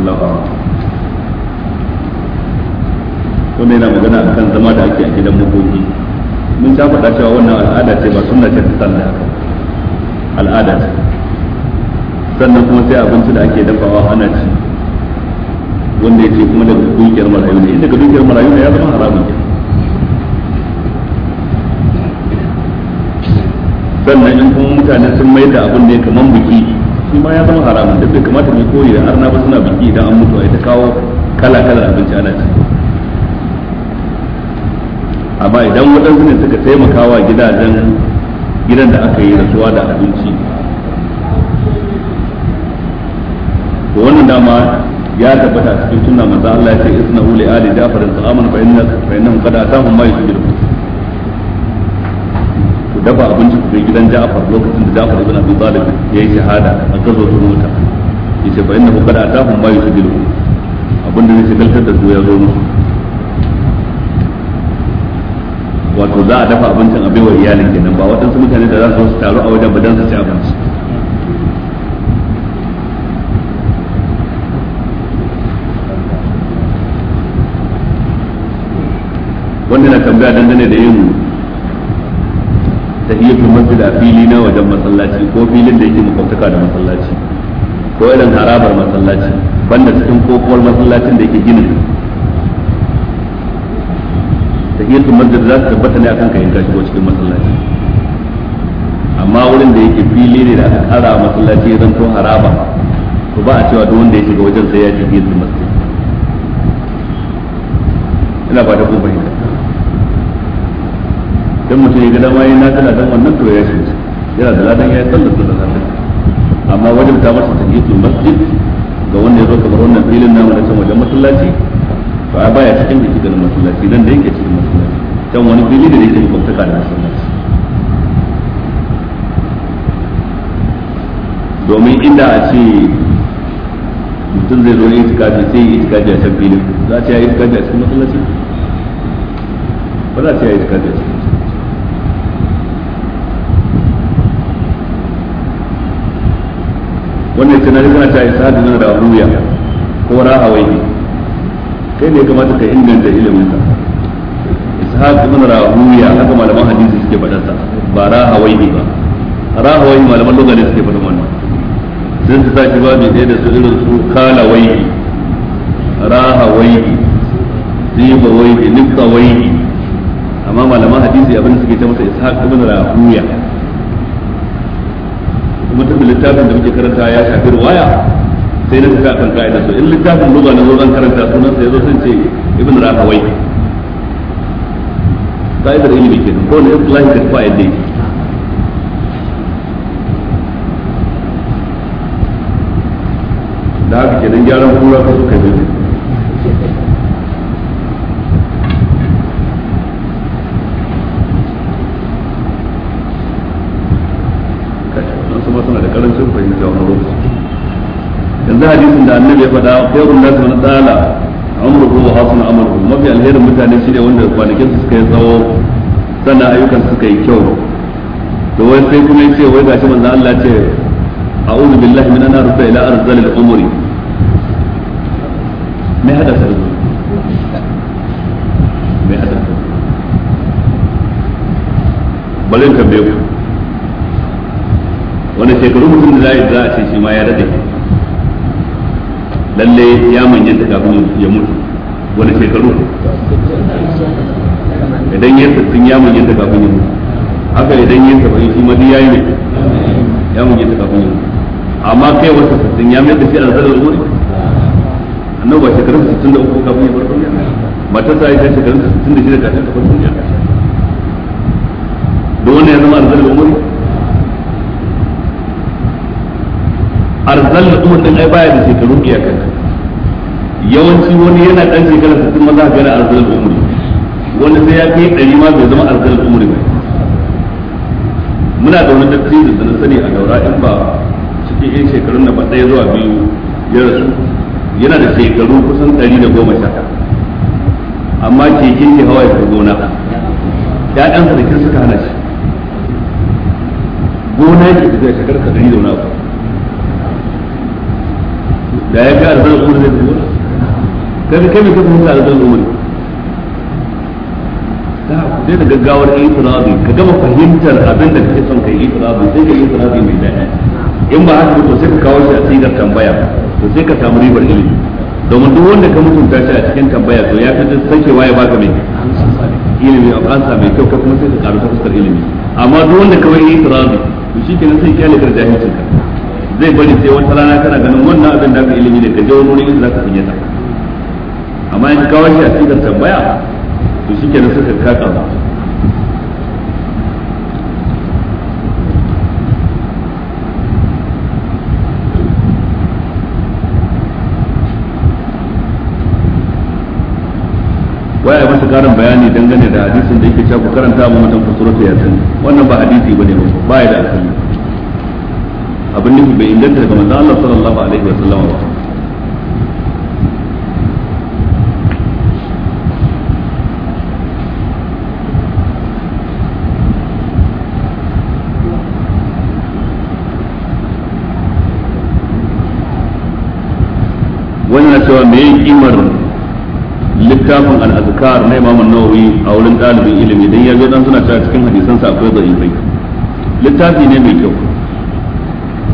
Allahu wannan yana magana akan zama da ake a gidan mukoki mun ta faɗa cewa wannan al'ada ce ba sunna ce ta sallah al'ada ce sannan kuma sai abinci da ake dafawa ana ci wanda ya ce kuma daga dukiyar marayu ne daga dukiyar marayu ne ya zama haramun ke sannan in kuma mutane sun mai da abin da ya kaman biki shi ma ya zama haramun da bai kamata mai koyi da arna ba suna biki idan an mutu a ita kawo kala-kalar abinci ana ci amma idan waɗansu ne suka taimaka wa gidajen gidan da aka yi rasuwa da abinci wannan dama ya tabbata cikin sunna manzo Allah ya ce isna uli ali jafar salaman fa inna fa innahum qad atahum ma yusiru to dafa abinci ku gidan Ja'far lokacin da Ja'far ibn Abi Talib yayi shahada a gazo ta mota yace fa innahu qad atahum ma yusiru abin da yake dalkar da su ya zo musu wato za a dafa abincin a baiwa iyalin kenan ba waɗansu mutane da za su taru a wajen ba dan su ci abinci wani na tambaya dangane da yin tahiyatul masjid a fili na wajen masallaci ko filin da yake makwabtaka da masallaci ko irin harabar masallaci banda cikin kokowar masallacin da yake ginin tahiyatul masjid za su tabbata ne akan kayan gashi ko cikin masallaci amma wurin da yake fili ne da aka kara masallaci zan to haraba to ba a cewa duk wanda ya shiga wajen sai ya ji tahiyatul masjid ina ba da ku fahimta dan mutum ya ga dama yayin nafila dan wannan to ya shi yana da ladan ya sallar da nafila amma wajen ta masa yi masjid ga wanda ya zo kamar wannan filin namu da can wajen masallaci to a baya cikin da cikin masallaci dan da yake cikin masallaci can wani fili da yake makwabtaka da masallaci domin inda a ce mutum zai zo yin itikafi sai yi itikafi a can filin za a ce ya yi itikafi a cikin masallaci ba za a ce ya yi itikafi a cikin wannan ce na rigana ta isa da nan rahuya ko rahawai ne kai ne kamata ka inganta ilimin ka ishaq ibn rahuya haka malaman hadisi suke faɗar sa ba rahawai ne ba rahawai malaman lugha suke faɗar wannan sun ta sake ba mai da su irin su kalawai rahawai zibawai nukawai amma malaman hadisi abin da suke ta masa ishaq ibn rahuya kuma tunda littafin da muke karanta ya shafi ruwaya sai na tafi kan ka'ida so in littafin ruba na zozon karanta sunan sai zo sun ce ibn rahawai ka'idar ilimi ke ko ne islahi ka tafi yadda yake da haka kenan gyaran kura ka suka biyu yanzu hadisin da annabi ya faɗa khairun nas man umruhu wa amaluhu mafi alherin mutane shine wanda kwanakin su suka yi tsawo sannan ayyukan suka yi kyau to wai sai kuma yace wai gashi manzo Allah ce a'udhu billahi min ila umri me hada sai me hada balin kan wani shekaru mutum da za a ce shi ma ya dade lalle ya manyanta kafin ya mutu wani shekaru idan ya sassin ya manyanta kafin ya mutu haka idan ya saba'in shi ma ya yi ne ya manyanta kafin ya mutu amma kai wasu sassin ya mai da shi a zarar umuri annan ba shekarun sassin da uku kafin ya farko ba matar sa aisha shekarun sassin da da kafin ya farko duniya don wannan ya zama a zarar umuri arzal da duhun din ai baya da shekaru iyakar yawanci wani yana dan shekara 60 maza ga yana arzal umri wani sai ya kai dari ma bai zama arzal umri ba muna da wani tafsiri da sanin sani a daura in ba cikin yan shekarun da ba ɗaya zuwa biyu ya rasu yana da shekaru kusan dari da goma sha amma keken ke hawa ya gona ya'yansa da kin suka hana shi gona ke da shekar ka ɗari da wani abu da ya fi arzal umar zai fi kada kai mai kafin da arzal umar sai da gaggawar itirabi ka gama fahimtar abin da kake son ka yi itirabi sai ka yi itirabi mai daɗi in ba haka to sai ka kawo shi a tsigar tambaya to sai ka samu ribar ilimi domin duk wanda ka mutunta shi a cikin tambaya to ya kaji sakewa ya baka mai ilimi a kansa mai kyau ka kuma sai ka karu ta fuskar ilimi amma duk wanda yi to shi kenan sai kyale garjahicin zai bari sai wata rana kana ganin wannan abin da aka ilimi da ka je wani wurin za ka fiye ta amma in kawo shi a cikin tambaya to shi kenan suka kaka ba waya masa karin bayani dangane da hadisin da yake cewa ku karanta mu mutan ku ya sani wannan ba hadisi bane ba ba ya da asali abin nufi bai inganta daga manzo Allah sallallahu alaihi wa sallam ba wannan cewa me kimar littafin al-azkar na Imam Nawawi a wurin dalibin ilimi dan yazo dan suna cewa cikin hadisan sa akwai da'ifai littafi ne mai kyau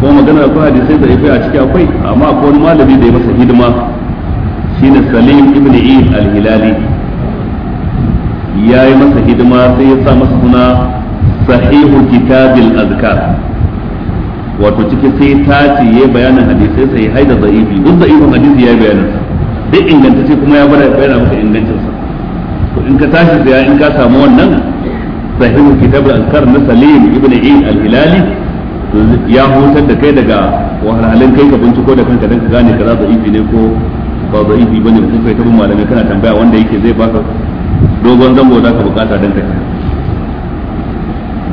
ko magana da kuma hadisai da yafi a ciki akwai amma akwai wani malami da ya masa hidima shine Salim ibn Eid al-Hilali ya yi masa hidima sai ya sa masa suna sahihu kitabil azkar wato cikin sai ta ce ya bayanin hadisai sai haida za'ibi duk za'ibin hadisi ya yi bayanin sa inganta ce kuma ya bada bayyana maka ingancin sa to in ka tashi sai in ka samu wannan sahihu kitabul azkar na Salim ibn Eid al-Hilali ya hutar da kai daga wahalhalun kai ka binciko da kanka don ka gane kaza da'ifi ne ko ba ba ne ko kai tabin malamai kana tambaya wanda yake zai baka dogon zango za ka bukata dan kai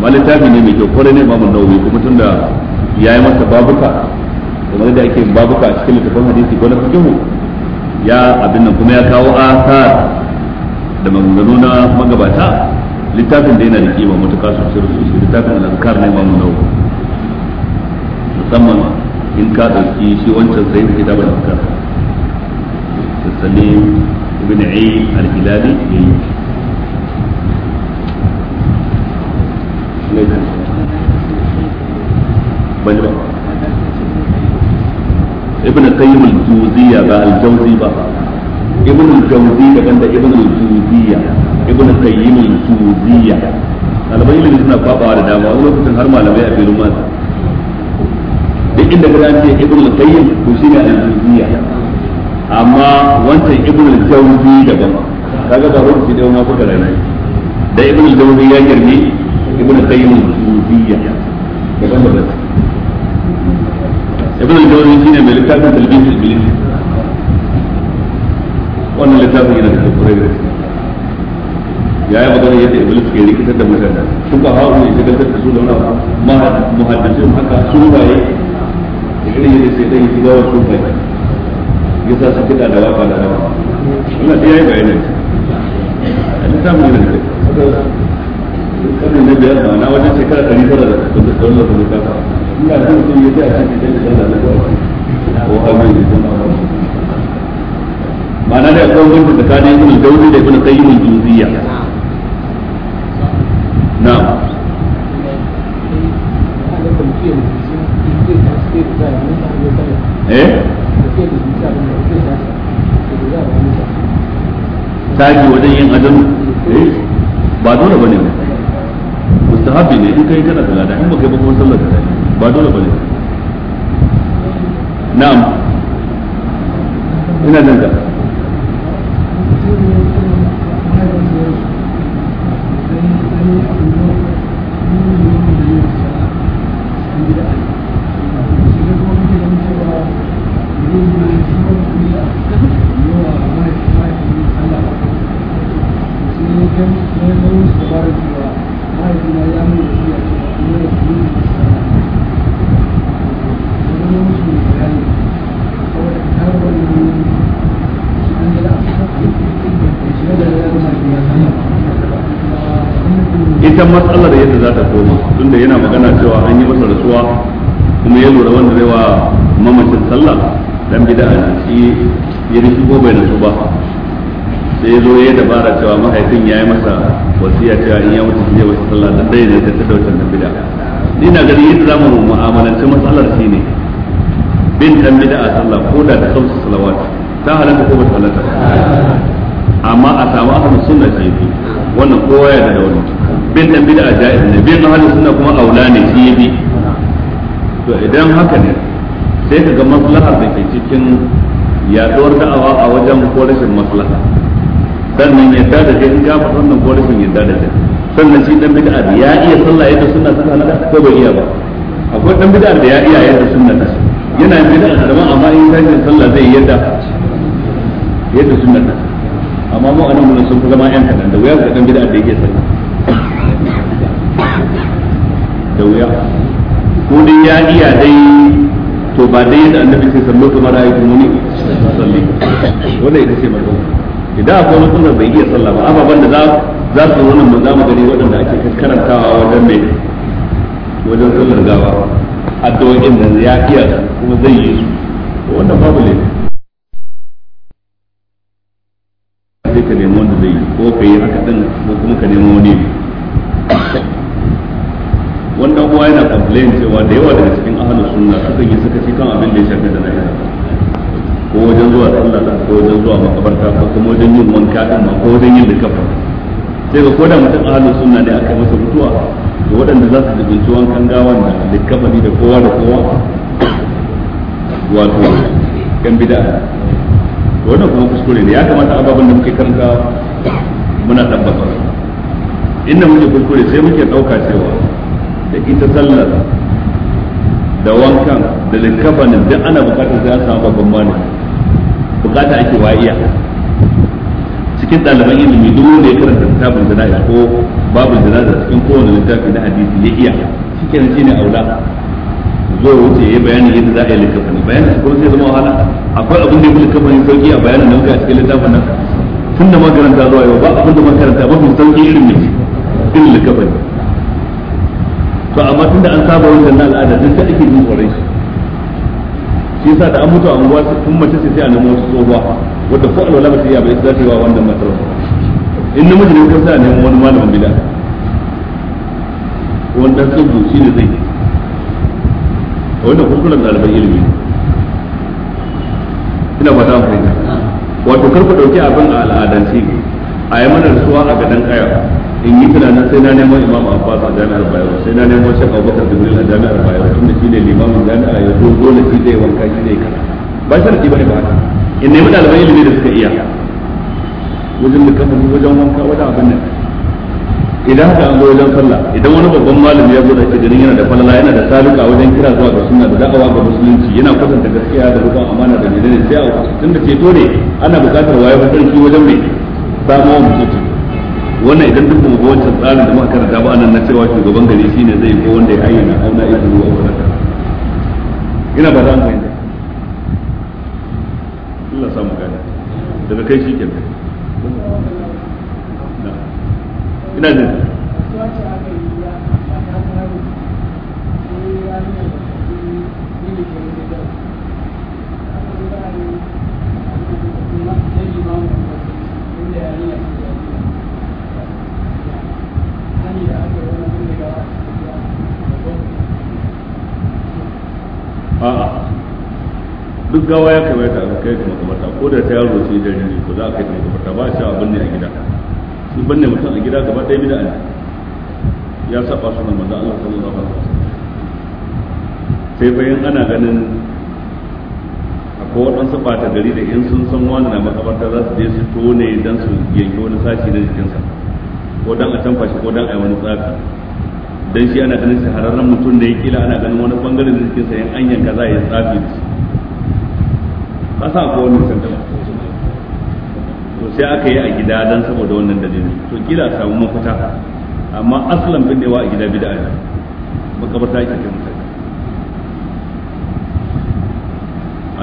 wani littafi ne mai kyau kwarai ne babu nauyi kuma tun da ya yi masa babuka kamar da ake babuka a cikin littafin hadisi ko na fikihu ya abin nan kuma ya kawo asar da maganganu na magabata littafin da yana da kima matuƙa sosai sosai littafin al'azkar ne babu nauyi musamman in ka ɗauki shi wancan sai da kitabul afkar da salim ibn ayyub al-hilali yayi bane ba ibn qayyim al-jawziyya ba al-jawzi ba ibn al-jawzi da ibn al-jawziyya ibn qayyim al-jawziyya malamai ilimi suna kwabawa da dama wani lokacin har malamai a filin duk inda ka ya ibn al-qayyim to shi ne al-juziyya amma wancan ibn al-jawzi daban kaga ba rubuci da wani kuka rana da ibn al-jawzi ya girme ibn al-qayyim al-juziyya ibn al-jawzi shi ne mai littafin talbis iblis wannan littafin yana da kurai da ya yi magana yadda iblis ke rikitar da magana su ba hawa ne shigar da su da wani muhaddisi haka sunaye irin yadda sai dan shiga wa sufai ya sa su kiɗa da waka da rawa Allah sai yayi bayanin a littafin yana da kai da biyar ma'ana wajen shekara ɗari tara da ɗaurin da kuma kafa ina da mutum ya ce a cikin ɗan shiga da ko hannun ya zama ma'ana da akwai wanda tsakanin ibn daudi da na qayyim al-juziyya na'am eh tashi wajen yin adamu eh ba dole ba ne ba mustahabi ne in kai kana da in baka yi ba kuma sallar da ba dole bane na'am ina jin matsalar yadda za ta koma tunda yana magana cewa an yi masa rasuwa kuma ya lura wanda zai wa mamacin sallah dan bida a shi ya rishi ko bai nasu ba sai ya zo ya dabara cewa mahaifin ya yi masa wasiya cewa in ya wuce zai wasu sallah dan dai ne ta ta dautar da bida ni na gani yadda za mu mu'amalanci matsalar shi ne bin dan bida a sallah ko da ta kamsu salawat ta halatta ko ba ta halatta amma a samu ahlus sunna ce wannan kowa ya da wani bin da bid'a jaiz ne bin ahlus sunna kuma aula ne shi yabi to idan haka ne sai ka ga maslaha da ke cikin yaduwar da'awa a wajen korishin rashin maslaha sannan ya da da in ga faɗa da korishin ya da da kai sannan shi dan bid'a da ya iya sallah yadda sunna ta halatta ko bai iya ba akwai dan bid'a da ya iya yadda sunna ta yana bid'a da ma amma in kai sallah zai yadda yadda sunna ta amma mu anan mun sun zama yan kadan da wayar da dan bid'a da yake sallah da wuya ko dai ya iya dai to ba dai da annabi sai sallo kamar ayi kuma ne salli wanda ita ce mako idan akwai wani bai iya sallah ba ababan da za za su wannan mu zamu gani waɗanda ake karantawa wajen mai wajen sallar gawa addu'o'in da ya iya kuma zai yi su wannan babu ne sai ka nemi wanda zai yi ko ka yi haka din ko kuma ka nemi wani wannan uwa yana complain cewa da yawa daga cikin ahalus sunna sukan yi sakaci kan abin da ya shafi da naira ko wajen zuwa sallah ko wajen zuwa makabarta ko kuma wajen yin wanka din ma ko wajen yin likafa sai ga koda mutum ahalus sunna ne aka masa mutuwa to waɗanda za su jibinci wankan gawan da likafa da kowa da kowa wato yan bid'a wannan kuma kuskure ne ya kamata ababen da muke karanta muna tabbatar inda muke kuskure sai muke ɗauka cewa da ita sallar da wankan da likafanin duk ana bukatar sai an samu babban malami bukata ake wa iya cikin ɗaliban ilimi duk wanda ya karanta kitabun jana'iz ko babu jana'iz cikin kowane littafi na hadisi ya iya cikin shikenan ne aula zo wuce ya bayanin yadda za a yi likafani bayanin kuma sai zama wahala akwai abin da ya fi likafani sauki a bayanin da muka a cikin littafin nan tun da makaranta zuwa yau ba abin da makaranta ba mu sauki irin mai irin likafani to amma tunda an saba wannan na al'ada dan sai ake jin tsoron shi shi yasa da an mutu a unguwa kun mace sai a nemo wasu tsohuwa wadda ko alwala ba ta iya ba ita zai wa wannan matar in namiji ne sai a nemo wani malamin bida wanda tsubu shi ne zai wanda kuskuren ɗaliban ilimi ina ba ta amfani wato karku ɗauki abin a al'adance a yi mana rasuwa a gadon kaya in yi tunana sai na neman imam abbas a jami'ar bayero sai na nemo shek abubakar jibril a jami'ar bayero tunda shi ne limamin jami'a ya zo dole shi zai wanka shi zai kara ba sharadi bane ba haka in nemi ɗaliban ilimi da suka iya wajen likamani wajen wanka wajen abin nan idan haka an zo wajen sallah idan wani babban malami ya zo da ke ganin yana da falala yana da saluka wajen kira zuwa ga suna da da'awa ga musulunci yana kwatanta gaskiya da rukun amana da menene sai a wasu tun da ceto ne ana buƙatar waye hukunci wajen mai samuwa musulunci wannan idan duk mu wancan tsarin da muka karanta ba anan na cewa shugaban gari shine zai ko wanda ya ayyana auna ya wa wannan ina ba za mu fahimta Allah sa mu gane daga kai shi kenan ina jin Yeah, yeah. a'a duk gawa ya kamata a kai ta makabarta ko da ta yaro ce da ne ko za a kai ta makabarta ba shi a binne a gida shi binne mutum a gida gaba ɗaya bida ne ya saba su nan manzo Allah sallallahu alaihi wasallam sai bayan ana ganin akwai waɗansu ɓata gari da in sun san wani na makabarta za su je su tone don su yanke wani sashi na jikinsa ko don a canfa shi ko don a yi wani tsafi dan shi ana ganin shahararren mutum da ya kila ana ganin wani bangare da cikin sayan anyan kaza ya tsafi ka sa ko wani sandala to sai aka yi a gida dan saboda wannan dalili to kila samu mafita amma aslan bin da yawa a gida bid'a ne makabarta ake kai mutane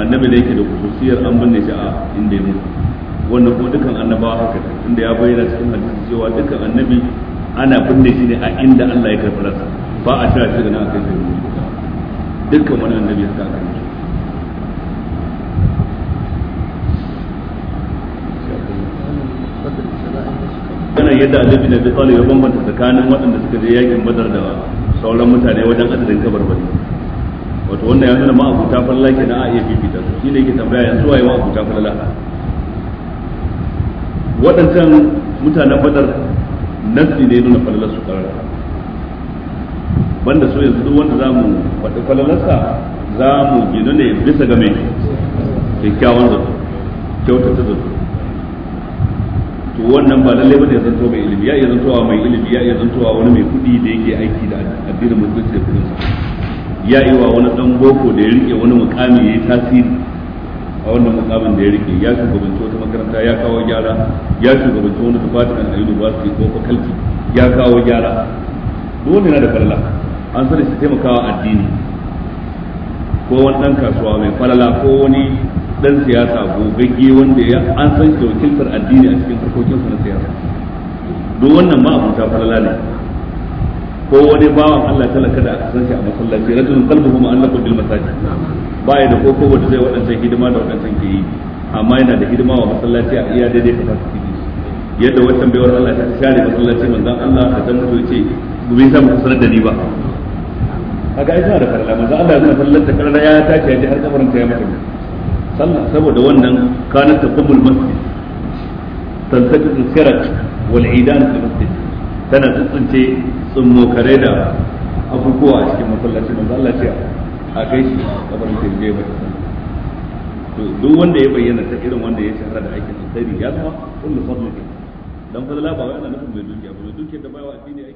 annabi da yake da kususiyar an binne shi a inda ya mutu wannan ko dukan annabawa haka inda ya bayyana cikin hadisi cewa dukan annabi ana binne shi ne a inda Allah ya karɓi rasa ba a tara shi da nan akai sai dukkan wani annabi haka aka yi kana yadda annabi na bi ya bambanta tsakanin waɗanda suka je yakin badar da sauran mutane wajen adadin kabar bane wato wannan ya nuna ma'abuta falla ke na a iya fifita su shi ne ke tambaya yanzu waye ma'abuta falla waɗancan mutanen badar nassi ne nuna falalar su karara banda so yanzu duk wanda zamu faɗi falalarsa za mu gina ne bisa ga mai kyakkyawan zato ta zato to wannan ba lallai bane ya zanto mai ilimi ya iya zantowa mai ilimi ya iya zantowa wani mai kuɗi da yake aiki da addinin musulunci da kuɗin ya yi wa wani dan boko da ya rike wani mukami ya yi tasiri a wannan mukamin da ya rike ya shugabanci wata makaranta ya kawo gyara ya shugabanci wani department a university ko faculty ya kawo gyara dole na da falala an sani shi taimakawa addini ko wani dan kasuwa mai falala ko wani dan siyasa ko gaggi wanda ya an san shi wakiltar addini a cikin harkokin harkokinsa na siyasa duk wannan ma abuta falala ne ko wani bawan Allah talaka da san shi a masallaci rajulun qalbuhu mu'allaqun bil masajid baya da kokowa da zai wadanta hidima da wadancan ke yi amma yana da hidima wa masallaci a iya daidai capacity ne yadda wata baiwar Allah ta share masallaci manzon Allah ta dan mutu ce gobe sai mu sanar da ni ba kaga ai da karla manzon Allah ya sanar da karla ya tashi ya ji har kabarin ta ya mata sallah saboda wannan kanar ta kumul masjid tantajin karat wal idan fil masjid tana tsuntsunce kare da abubuwa a cikin masallaci manzon Allah ce a kai shi kabarin ta ya mata to duk wanda ya bayyana ta irin wanda ya shahara da aikin alkhairi ya zama kullu fadlika dan fadla ba wai ana nufin mai dukiya ba mai dukiya da bawa shine